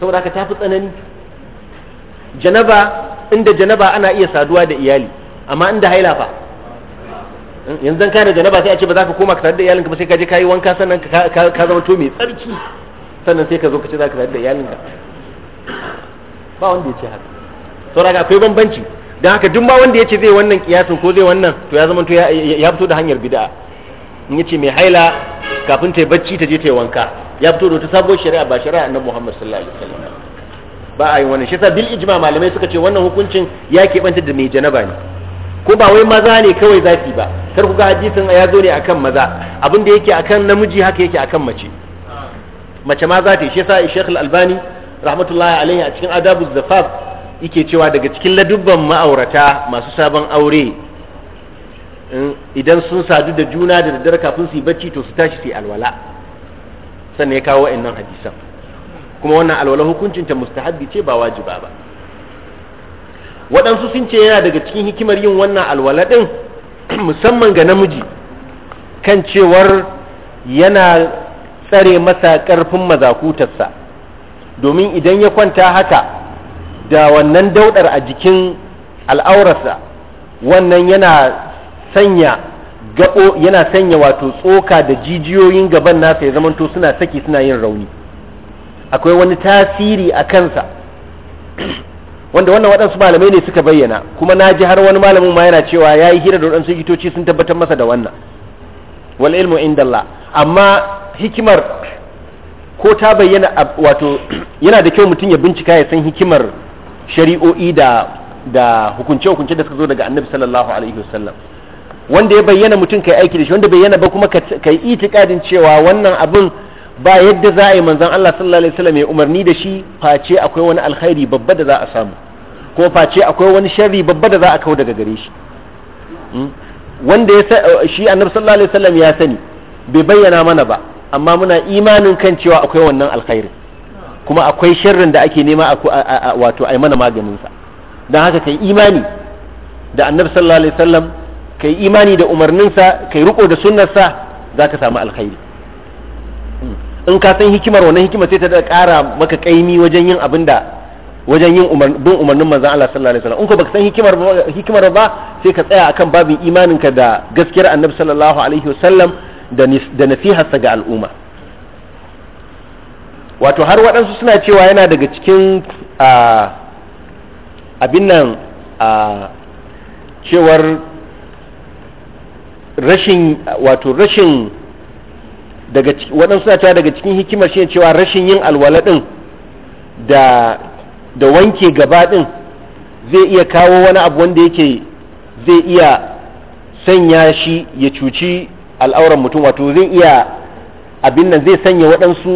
saboda haka ta fi tsanani janaba inda janaba ana iya saduwa da iyali amma inda haila fa yanzu kana janaba sai a ce ba za ka koma ka sadu da iyalinka ba sai ka je ka yi wanka sannan ka zama to mai tsarki sannan sai ka zo ka ce za ka da iyalinka ba wanda ya ce haka saboda akwai bambanci don haka duk ba wanda ya ce zai wannan kiyasin ko zai wannan to ya zama to ya fito da hanyar bid'a in yace mai haila kafin ta yi bacci ta je ta yi wanka ya fito da wata sabuwar shari'a ba shari'a annabi Muhammad sallallahu alaihi wasallam ba a yi wannan shi yasa bil ijma malamai suka ce wannan hukuncin ya keɓanta da mai janaba ne ko ba wai maza ne kawai zafi ba kar ku ga hadisin ya zo ne akan maza abin da yake akan namiji haka yake akan mace mace ma za ta yi shi yasa Sheikh Al-Albani rahmatullahi alaihi a cikin Adabuz Zafaf yake cewa daga cikin ladubban ma'aurata masu sabon aure idan sun sadu da juna da daddare kafin su yi bacci to su tashi su yi alwala sannan ya kawo wa'annan hadisan kuma wannan alwala hukuncinta mustahabbi ce ba wajiba ba waɗansu sun ce yana daga cikin hikimar yin wannan alwala ɗin musamman ga namiji kan cewar yana tsare masa ƙarfin mazakutarsa domin idan ya kwanta haka da wannan daudar a jikin al'aurarsa wannan yana sanya gabo yana sanya wato tsoka da jijiyoyin gaban nasa ya zamanto suna saki suna yin rauni akwai wani tasiri a kansa wanda wannan waɗansu malamai ne suka bayyana kuma na ji har wani malamin ma yana cewa ya yi hira da waɗansu hitoci sun tabbatar masa da wannan wal ilmu indallah amma hikimar ko ta bayyana wato *clears throat* yana da kyau mutum ya bincika ya san hikimar shari'o'i da da hukunce-hukunce da suka zo daga annabi sallallahu alaihi wasallam wanda ya bayyana mutum kai aiki da shi wanda bayyana ba kuma kai itikadin cewa wannan abin ba yadda za a yi manzon Allah sallallahu alaihi wasallam ya umarni da shi face akwai wani alkhairi babba da za a samu ko face akwai wani sharri babba da za a kawo daga gare shi hmm? wanda ya shi annabi sallallahu alaihi wasallam ya sani bai bayyana mana ba amma muna imanin kan cewa akwai wannan alkhairin kuma akwai sharrin da ake nema wato yi mana maganinsa don haka kai imani da annabi sallallahu alaihi wasallam kai imani da umarninsa kai riko da sunnarsa za ka samu alkhairi in ka san hikimar wannan hikimar sai ta da ƙara maka kaimi wajen yin abin da wajen yin bin umarnin manzon Allah sallallahu alaihi wasallam in ko baka san hikimar hikimar ba sai ka tsaya akan babin imaninka da gaskiyar annabi sallallahu alaihi wasallam da nasiharsa ga al'umma wato har waɗansu suna cewa yana daga cikin abin nan cewar rashin wato rashin daga waɗansu suna cewa daga cikin hikimar shi cewa rashin yin alwala ɗin da da wanke gaba ɗin zai iya kawo wani abu wanda yake zai iya sanya shi ya cuci al'auran mutum wato zai iya abin nan zai sanya waɗansu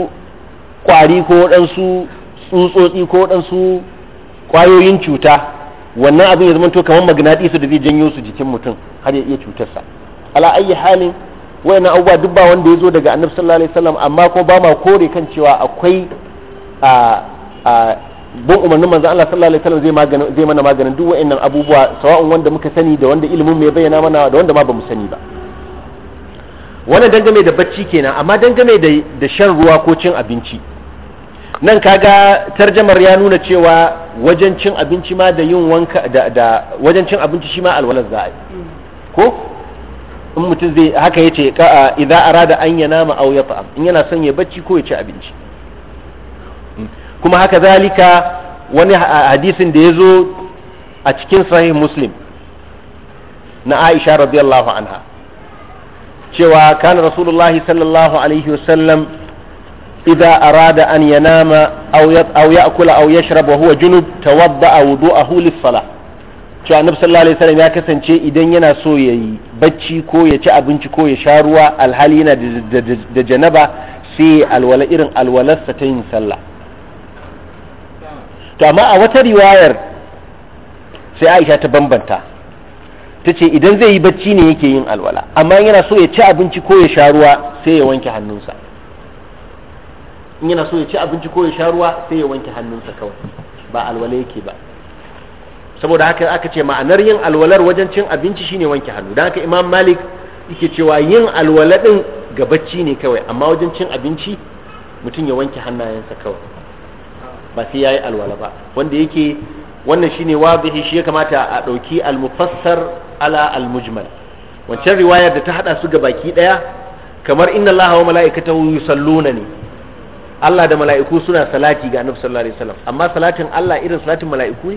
ƙwari ko waɗansu tsutsotsi ko waɗansu ƙwayoyin cuta wannan abin ya zamanto kamar magnatisu da zai janyo su jikin mutum har ya iya sa ala ayi halin wayannan abubuwa duk ba wanda ya zo daga annabi sallallahu alaihi wasallam amma ko ba ma kore kan cewa akwai a a bin umarnin manzon Allah sallallahu alaihi wasallam zai magana zai mana maganin duk wayannan abubuwa sawa'un wanda muka sani da wanda ilimin mai bayyana mana da wanda ma bamu sani ba wannan dangane da bacci kenan amma dangane da da shan ruwa ko cin abinci nan kaga tarjamar ya nuna cewa wajen cin abinci ma da yin wanka da, wajen cin abinci shi ma alwalar za a ko in mutum zai haka yace idza arada an yanama aw fa'am in yana son ya bacci ko ya ci abinci kuma haka zalika wani hadisin da ya zo a cikin sahih muslim na aisha radiyallahu anha cewa kan rasulullahi sallallahu alaihi wasallam idza arada an yanama aw ya'kula aw yashrab wa huwa junub tawadda'a wudu'ahu lis-salah cewa annabi sallallahu alaihi wasallam ya kasance idan yana so ya yi bacci ko ya ci abinci ko ya sha ruwa alhali yana da janaba sai alwala irin alwalarsa ta yin sallah to amma a wata riwayar sai Aisha ta bambanta ta ce idan zai yi bacci ne yake yin alwala amma yana so ya ci abinci ko ya sha ruwa sai ya wanke hannunsa yana so ya ci abinci ko ya sha ruwa sai ya wanke hannunsa kawai ba alwala yake ba saboda haka aka ce ma'anar yin alwalar wajen cin abinci shine wanke hannu don haka imam malik yake cewa yin alwala din ga bacci ne kawai amma wajen cin abinci mutum ya wanke hannayensa kawai ba sai ya yi alwala ba wanda yake wannan shine wadihi shi ya kamata a ɗauki al-mufassar ala al-mujmal wancan riwayar da ta hada su ga baki daya kamar inna allaha wa mala'ikatahu yusalluna ne Allah da mala'iku suna salati ga annabi sallallahu alaihi wasallam amma salatin Allah irin salatin mala'iku ne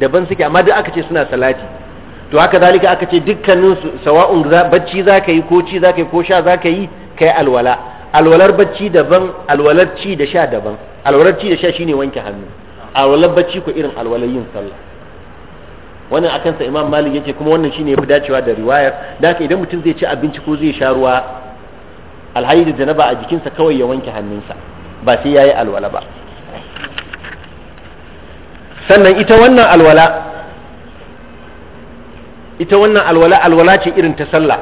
daban suke amma duk aka ce suna salati to haka zalika aka ce dukkanin su sawa'un bacci zaka yi ko ci zaka yi ko sha zaka yi kai alwala alwalar bacci daban alwalar ci da sha daban alwalar ci da sha shine wanke hannu alwalar bacci ko irin alwalar yin sallah wannan akan sa imam malik yake kuma wannan shine yafi dacewa da riwayar da haka idan mutum zai ci abinci ko zai sha ruwa alhayi da janaba a jikinsa kawai ya wanke hannunsa ba sai yayi alwala ba sannan ita wannan alwala ita wannan alwala alwala ce irin ta sallah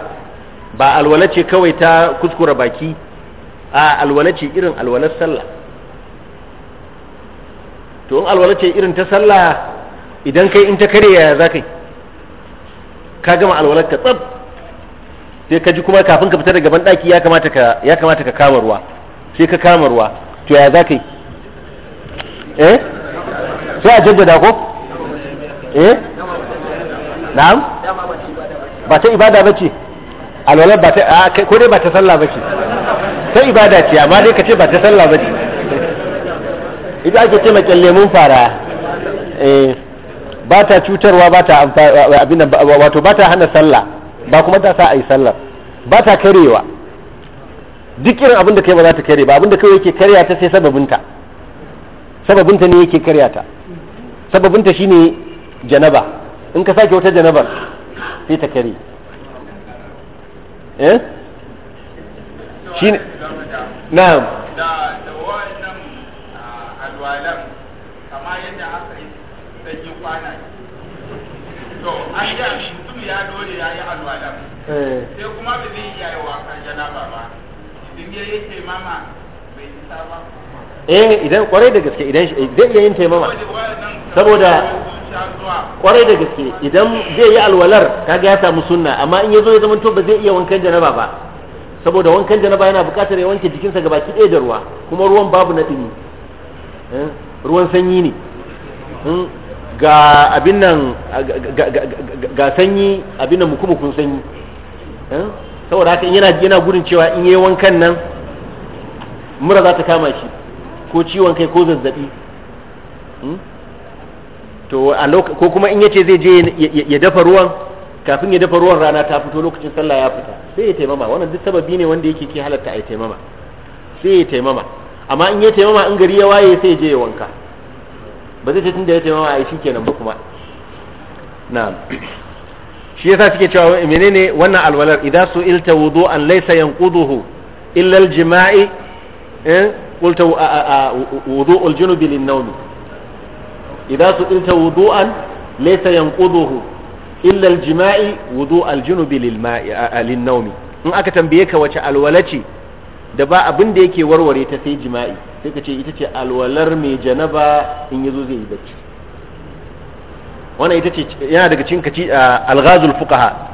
ba alwala ce kawai ta kuskura baki a alwala ce irin alwalar sallah to in alwala ce irin ta sallah idan kai in ta kare yaya za ka yi ka gama alwalarka ka tsab sai ka ji kuma kafin ka fita daga ban daki ya kamata ka kama ruwa sai ka kama ruwa to yaya za ka yi eh sai a jaddada ko eh na'am ba ta ibada bace alwalar ba ta ko dai ba ta sallah bace ta ibada ce amma dai ka ce ba ta sallah bace ita ake ce maƙin lemun fara ba ta cutarwa ba ta abin wato ba ta hana sallah ba kuma ta sa a yi sallar ba ta karewa duk irin abin da kai ba za ta kare ba abin da kai yake karya ta sai sababinta sababinta ne yake karya ta sababinta shine janaba in ka sake wata janabar sai ta kare eh shine na'am alwalar kama yadda aka yi sanyin kwana to an yi abin mutum ya dole ya yi alwalar eh. sai kuma ba zai iya yi wasa janaba ba idan ya yi mama bai isa ba eh idan kwarai da gaske idan eh, zai iya yin taimama saboda kwarai da gaske idan zai yi alwalar kaga ya samu sunna amma in ya zo ya zama to ba zai iya wankan janaba ba saboda wankan janaba yana buƙatar ya wanke jikinsa gabaki ɗaya da ruwa kuma ruwan babu na ɗumi Eh? ruwan sanyi ne hmm? ga abin nan ga sanyi abin nan mukumukun sanyi eh? saboda haka yana yana gudun cewa in yi wankan nan mura za ta kama shi ko ciwon kai ko zazzabi hmm? to a ko kuma in yace zai je ya dafa ruwan kafin ya dafa ruwan rana ta fito lokacin sallah ya fita sai ya taimama wannan duk sababi ne wanda yake ke halatta a ya taimama sai ya taimama amma in ya taimama in gari ya waye sai je ya wanka ba zai ce tun da ya taimama a ke shikenan ba kuma na'am shi yasa suke cewa menene wannan alwalar idan su ilta wudu'an laysa yanquduhu illa aljima'i in eh, qulta wudu junubi lin-nawm idan su ilta wudu laysa yanquduhu illa aljima'i wudu'al junubi lil-ma'i lin-nawm in aka tambaye ka wace alwala da ba abin da yake warware ta sai jima'i sai ka ce ita ce alwalar mai janaba in yazo zai yi bacci wannan ita ce yana daga cikin kaci alghazul fuqaha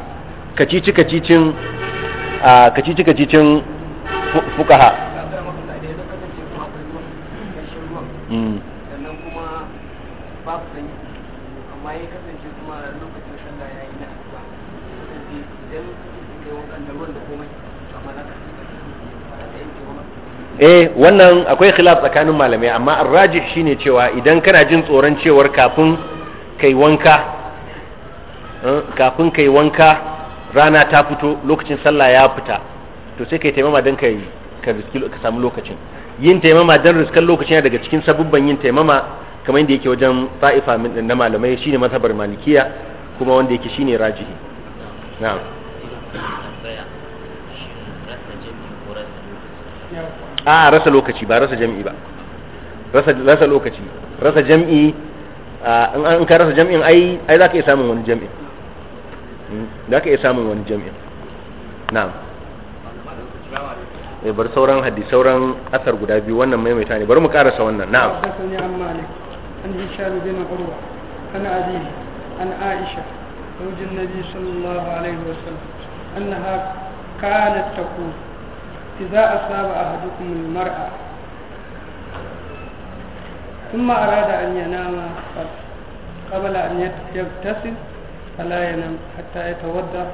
kacici kaci kacici kacicin fuqaha mm eh wannan akwai khilaf tsakanin malamai amma arrajih shine cewa idan kana jin tsoron cewar kafin kai wanka eh, kafin kai wanka rana ta fito lokacin sallah ya fita to sai kai taimama don kai ka ka samu lokacin yin taimama don riskan lokacin daga cikin sabubban yin taimama kamar yadda yake wajen ta'ifa na malamai shine mazhabar malikiya kuma wanda yake shine rajihi na'am a rasa lokaci ba rasa jam'i ba rasa lokaci rasa jam'i in ka rasa jam'in ai ai za ka iya samun wani jam'in hmm, za ka iya samun wani jam'in na'am eh, bar sauran haddi sauran asar guda biyu wannan maimaita ne bari mu karasa wannan na'am عن هشام بن عروة عن أبيه عن عائشة زوج النبي إذا أصاب أحدكم المرأة ثم أراد أن ينام قبل أن يغتسل فلا ينام حتى يتوضأ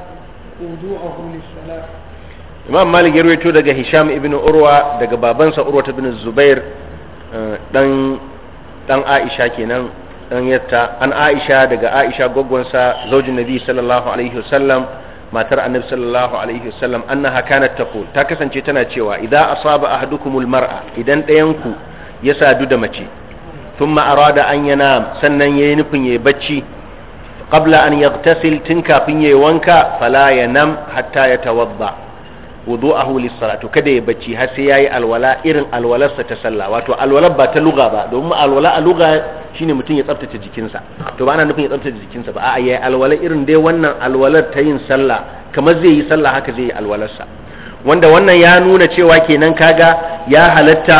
وضوءه للصلاة imam malik ya rawaito daga hisham ibn urwa daga babansa urwa ibn zubair dan dan aisha kenan dan yatta an aisha daga aisha gwaggwansa zaujin nabi sallallahu alaihi wasallam matar annabi sallallahu alaihi wasallam annaha kanat taqul ta kasance tana cewa idza asaba ahadukumul mar'a idan ɗayan ku ya sadu da mace thumma arada an yana sannan yayi nufin yayi bacci qabla an yaghtasil tun kafin yayi wanka fala yanam hatta yatawadda a lis salatu kada ya bacci har sai yayi alwala irin alwalarsa ta sallah wato alwalar ba ta luga ba domin alwala a luga shine mutum ya tsaftace jikinsa to ba ana nufin ya tsaftace jikinsa ba a'a yayi alwala irin dai wannan alwalar ta yin sallah kamar zai yi sallah haka zai yi alwalarsa wanda wannan ya nuna cewa kenan kaga ya halatta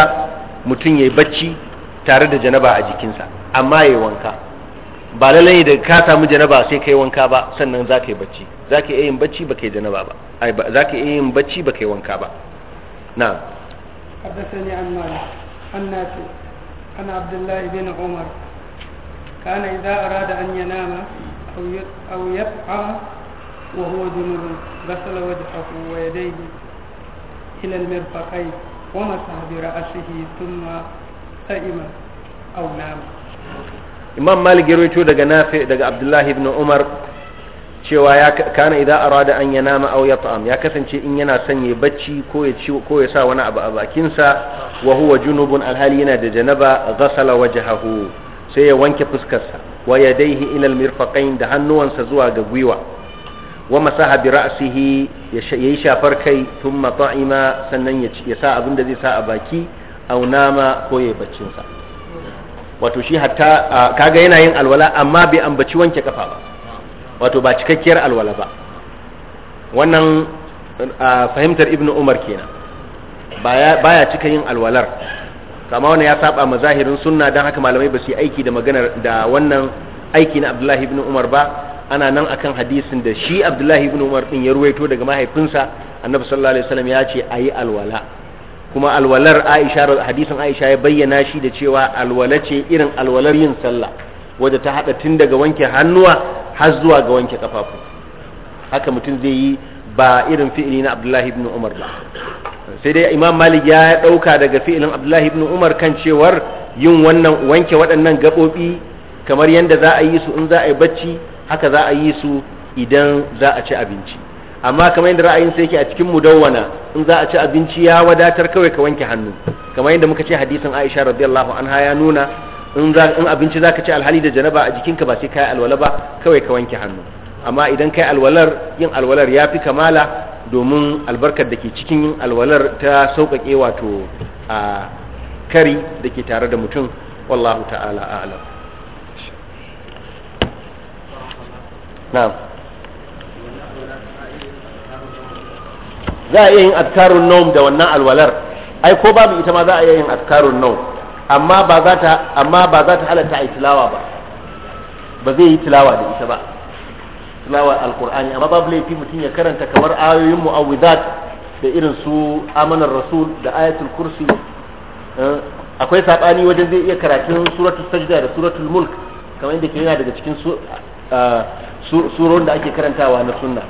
mutum yayi bacci tare da janaba a jikinsa amma yayi wanka ba lalai da ka samu janaba sai kai wanka ba sannan za ka yi bacci za ka yi yin bacci ba ka yi janaba ba za ka yi yin bacci ba ka yi wanka ba na haddasa ne an mali an na ce abdullahi bin umar ka na idan a rada an yana ma a wuyar a wahu wajen nuna ga salawa da wa ya daidai hilal mai fakai wa masu habira a shihi tun ma sa'ima a wunama imam malik ya rawaito daga nafi daga abdullahi ibn umar cewa ya kana idan arada an ya nama aw yat'am ya kasance in yana son ya bacci ko ya ci ko ya sa wani abu a bakinsa wa huwa junubun alhali yana da janaba ghasala wajhahu sai ya wanke fuskarsa wa yadayhi ila almirfaqain da hannuwansa zuwa ga gwiwa wa masaha bi ra'sihi ya shafar kai thumma ta'ima sannan ya sa abin da zai sa a baki au nama ko ya baccin sa wato shi hatta kaga yana yin alwala amma bai ambaci wanke kafa ba wato ba cikakkiyar alwala ba wannan fahimtar ibnu umar kenan baya cika yin alwalar kama wani ya saba ma zahirin sunna don haka malamai ba su yi aiki da maganar da wannan aiki na abdullahi ibn umar ba ana nan akan hadisin da shi abdullahi ibn umar din ya ruwaito daga mahaifinsa annabi sallallahu alaihi wasallam ya ce ayi alwala kuma alwalar aisha hadisin aisha ya bayyana shi da cewa alwala ce irin alwalar yin sallah wadda ta haɗa tun daga wanke hannuwa har zuwa ga wanke kafafu haka mutum zai yi ba irin fi'ili na abdullahi ibn umar ba sai dai imam malik ya ɗauka daga fi'ilin abdullahi ibn umar kan cewar yin wannan wanke waɗannan gaɓoɓi kamar yadda za a yi su in za a yi bacci haka za a yi su idan za a ci abinci amma kamar yadda ra'ayin sai yake a cikin mudawwana in za a ci abinci ya wadatar kawai ka wanke hannu kamar yadda muka ce hadisin Aisha radiyallahu anha ya nuna in za in abinci zaka ci alhali da janaba a jikinka ba sai kai alwala ba kawai ka wanke hannu amma idan kai alwalar yin alwalar ya fi kamala domin albarkar da ke cikin yin alwalar ta sauƙaƙe wato a kari da ke tare da mutum wallahu ta'ala a'lam na'am za a iya yin azkarun nau da wannan alwalar ai ko babu ita ma za a iya yin azkarun nau amma ba za ta amma ba za ta halatta a tilawa ba ba zai yi tilawa da ita ba tilawa alqur'ani amma babu laifi mutum ya karanta kamar ayoyin mu'awwidat da irin su amanar rasul da ayatul kursi eh, akwai sabani wajen zai iya karatun suratul sajda da suratul mulk kamar inda ke yana daga cikin eh, surorin da ake karantawa na sunna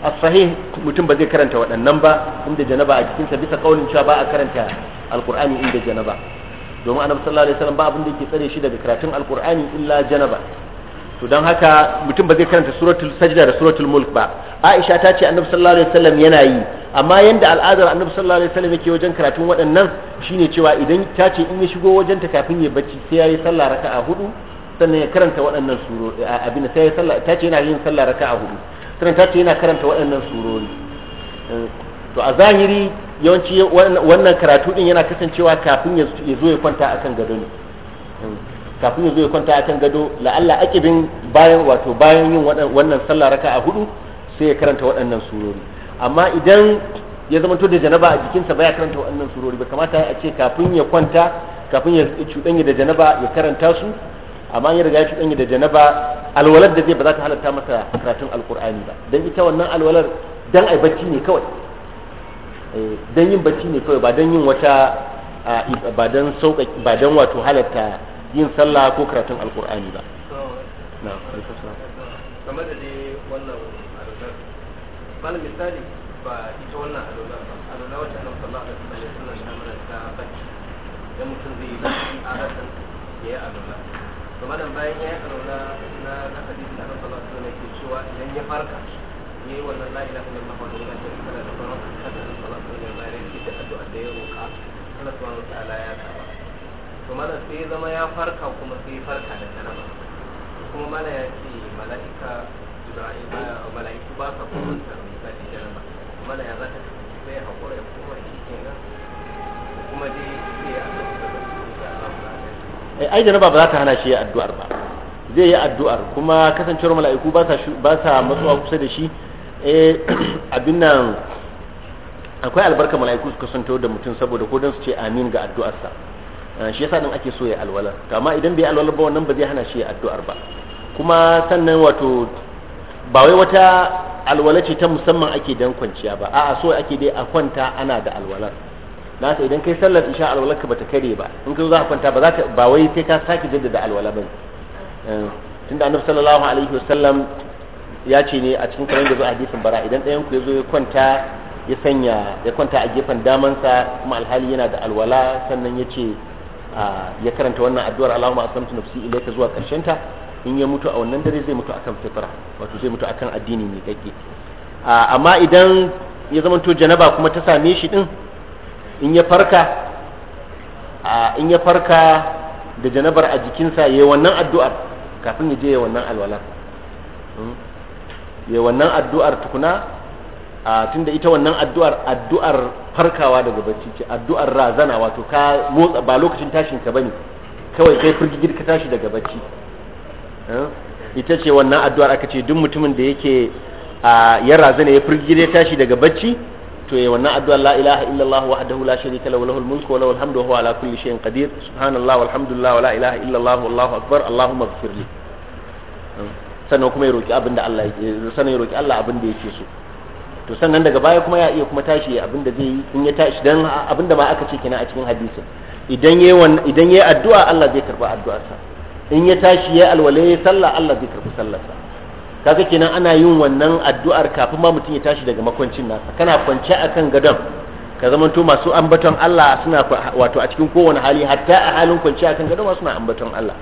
asahi sahih mutum ba zai karanta waɗannan ba inda janaba a cikinsa bisa kaunin cewa ba a karanta alkur'ani inda janaba domin annabi sallallahu alaihi wasallam ba abin da yake tsare shi daga karatun alkur'ani illa janaba to don haka mutum ba zai karanta suratul sajda da suratul mulk ba aisha ta ce annabi sallallahu alaihi wasallam yana yi amma yanda al'adar annabi sallallahu alaihi wasallam yake wajen karatun waɗannan shine cewa idan ta ce in ya shigo wajen ta kafin ya bacci sai yayi sallah raka'a hudu sannan ya karanta waɗannan suro abin sai ya sallah ta ce yana yin sallah raka'a hudu karanta ta yana karanta waɗannan surori eh, to a zahiri yawanci wannan karatu din yana kasancewa kafin ya zo ya kwanta akan gado ne eh, kafin ya zo ya kwanta akan gado la'alla bin bayan wato bayan yin wannan sallah raka a hudu sai ya karanta waɗannan surori amma idan ya zama to da janaba a jikinsa baya karanta waɗannan surori ba kamata a ce kafin ya kwanta kafin ya cuɗanya da janaba ya karanta su amma ya riga shi ɗanyi da janaba alwalar da zai ba za ta halatta masa karatun alkur'ani ba don ita wannan alwalar don ai bacci ne kawai eh, don yin bacci ne kawai ba don yin wata ba don sauƙaƙi ba don wato halatta yin sallah ko karatun alkur'ani ba na kamar da dai wannan alwalar bala misali ba ita wannan alwalar ba alwalar wacce annabi sallallahu alaihi wasallam ya sunna shi mana ta bacci dan mutum zai yi a rasan ya yi alwalar to bayan ya yi na na hadisi da Allah sallallahu alaihi wasallam cewa idan ya farka yayi wannan la ilaha illallah wa la sharika lahu da farka kada Allah sallallahu alaihi wasallam ya yi da addu'a da ya roka Allah subhanahu ta'ala ya karba to sai zama ya farka kuma sai farka da kanama kuma mana ya ce mala'ika Ibrahim mala'iku ba sa kuma sarrafa da kanama malam ya sai hakura ya kuma shi kenan kuma dai ai janaba ba za ta hana shi ya addu'ar ba zai yi addu'ar kuma kasancewar mala'iku ba sa ba matsuwa kusa da shi eh *clears throat* abin nan akwai albarka mala'iku su kasanto da mutum saboda ko dan su ce amin ga addu'arsa eh, shi yasa din ake so ya alwala to amma idan bai alwala ba wannan ba zai hana shi ya addu'ar ba kuma sannan wato ba wai wata alwala ce ta musamman ake dan kwanciya ba a'a so ake dai a kwanta ana da alwalar na ta idan kai sallar isha alwalarka bata kare ba in ka zo za ka kwanta ba za ka ba wai sai ka sake jaddada alwala ba eh, tunda annabi sallallahu alaihi wasallam ya ce ne a cikin kamar da zo hadisin bara idan ɗayan ku ya zo ya kwanta ya sanya ya kwanta a gefen damansa kuma alhali yana da alwala sannan ya ce ah, ya karanta wannan addu'ar Allahumma aslamtu nafsi ilayka zuwa karshen ta in ya mutu a wannan dare zai mutu akan fitra wato zai mutu akan addini mai kake ah, amma idan ya zamanto janaba kuma ta same shi din in ya farka a in ya farka da janabar a jikinsa ya yi wannan addu'ar kafin ya je ya wannan alwalar hmm? yi wannan addu'ar tukuna a tunda ita wannan addu'ar addu'ar farkawa daga bacci ce addu'ar razana wato ka motsa ba lokacin tashin ka ne kawai kai firgigir ka tashi daga bacci hmm? ita ce wannan addu'ar aka ce duk mutumin da yake ya razana ya firgigir ya tashi daga bacci to yayi wannan addu'a la ilaha illallah wahdahu la sharika lahu lahul mulku wa lahul hamdu wa huwa ala kulli shay'in qadir subhanallah walhamdulillah wa la ilaha illallah wallahu akbar allahumma ighfirli sannan kuma ya roki abinda da Allah sannan ya roki Allah abin da yake so to sannan daga baya kuma ya iya kuma tashi abin da zai yi in ya tashi dan abin ma aka ce kenan a cikin hadisin idan yayi wannan idan yayi addu'a Allah zai karba addu'arsa in ya tashi yayi alwala yayi sallah Allah zai karbi sallarsa kaga kenan ana yin wannan addu'ar kafin ma mutum ya tashi daga makwancin nasa kana kwance akan gadon ka zamanto masu ambaton Allah suna wato a cikin kowane hali hatta a halin kwance akan gadon ma suna ambaton Allah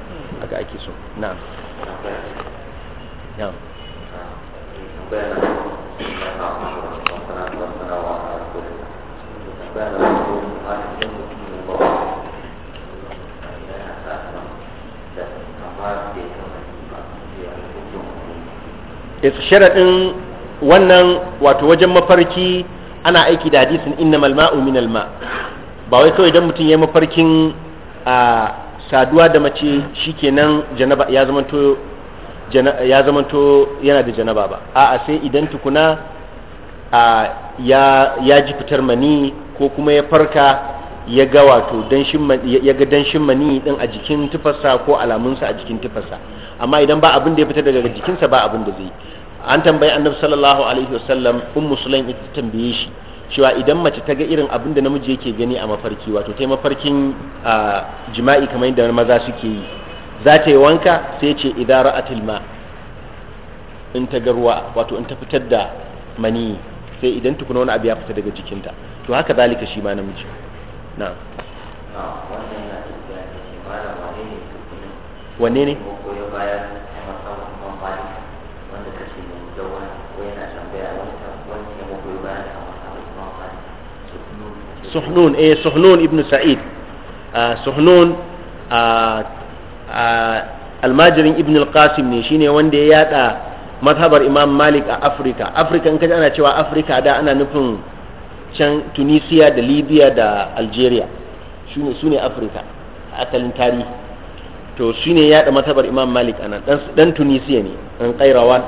haka ake so na. Thank you. sharaɗin wannan wato wajen mafarki ana aiki da hadisin na malma minal alma ba wai kawai idan mutum ya yi mafarkin a saduwa da mace shikenan janaba ya zamanto ya yana da janaba ba a'a sai idan tukuna ya ya ji fitar mani ko kuma ya farka ya ga wato danshin ya ga danshin mani din a jikin tufarsa ko alamunsa a jikin tufarsa amma idan ba abin da ya fita daga jikinsa ba abin da zai an tambayi annabi sallallahu alaihi wasallam ummu sulaim ita tambaye shi cewa idan mace ta ga irin abin da namiji yake gani a mafarki wato ta mafarkin jima'i kamar yadda maza suke yi za ta yi wanka sai ce idara a tilma in ta ga ruwa wato in ta fitar da mani sai idan tukuna wani abu ya fita daga jikinta to haka zalika shi ma namiji na'am ah, wannan na tafiya da shi wani ne wanne ne suhnun eh suhnun ibn sa'id ah, suhnun ah, ah, almajirin ibn al-qasim ne shine wanda ya yada madhabar imam malik a afirka afirka in kaji ana cewa afirka da ana nufin can tunisia da libya da algeria su ne afirka a asalin tarihi to shi ne yaɗa matabar imam malik anan dan tunisiya ne an kairawa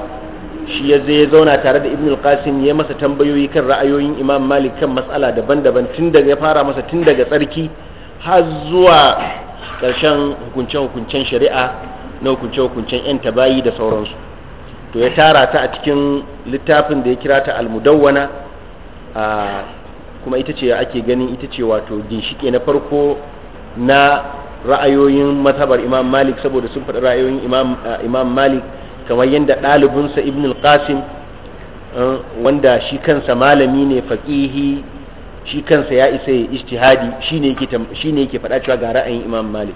shi ya zai zauna tare da ibn al-qasim ya masa tambayoyi kan ra'ayoyin imam malik kan matsala daban-daban tun daga ya fara masa tun daga tsarki har zuwa ƙarshen hukunce-hukuncen shari'a na hukunce-hukuncen 'yan tabayi da sauransu to ya tara ta a cikin littafin da ya kira ta almudawwana kuma ita ce ake ganin ita ce wato ginshike na farko na ra'ayoyin matabar imam malik saboda sun faɗi ra'ayoyin imam eh, malik kamar yadda ɗalibinsa ibn al-qasim eh, wanda shi kansa malami ne faƙihi shi kansa ya isa ya ijtihadi shi ne yake faɗa cewa ga ra'ayin imam malik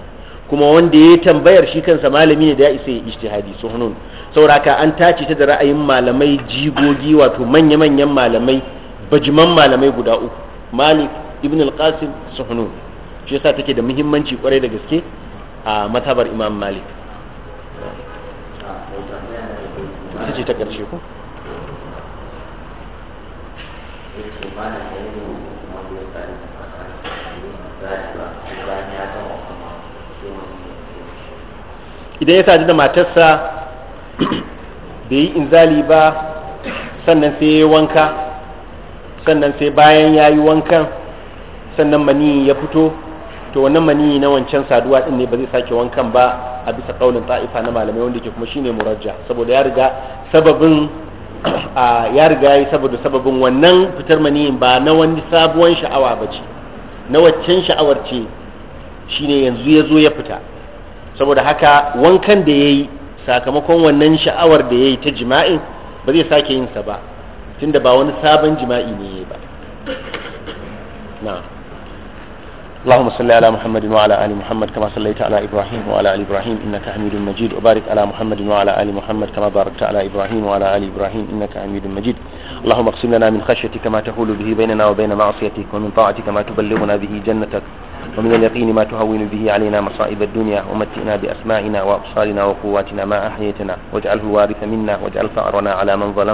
kuma wanda ya tambayar shi kansa malami ne da ya isa ya su suhunun sauraka an tace ta da ra'ayin malamai jigogi wato manya-manyan malamai bajiman malamai guda uku malik ibn al-qasim suhunun shi yasa take da muhimmanci kwarai da gaske a matabar imam malik ita ce ta ƙarshe ku idan ya sadu da matarsa *clears throat* bai yi inzali ba sannan sai ya yi wanka sannan sai bayan ya yi wankan sannan mani ya fito to wannan mani na wancan saduwa din ne ba zai sake wankan ba a bisa kaulin ta'ifa na malamai wanda ke kuma shine murajja saboda ya riga sababin *clears throat* ya riga yi saboda sababin wannan fitar mani ba na wani sabuwan sha'awa ba ce na waccan sha'awar ce shine yanzu ya zo ya fita saboda haka wankan da ya yi sakamakon wannan sha'awar da ya yi ta jima'i ba zai sake yin sa ba tunda ba wani sabon jima'i ne ya ba na'am اللهم صل على محمد وعلى ال محمد كما صليت على ابراهيم وعلى ال ابراهيم انك حميد مجيد وبارك على محمد وعلى ال محمد كما باركت على ابراهيم وعلى ال ابراهيم انك حميد مجيد اللهم اقسم لنا من خشيتك ما تحول به بيننا وبين معصيتك ومن طاعتك ما تبلغنا به جنتك ومن اليقين ما تهون به علينا مصائب الدنيا ومتئنا بأسمائنا وأبصارنا وقواتنا ما أحييتنا واجعله الوارث منا واجعل ثأرنا على من ظلمنا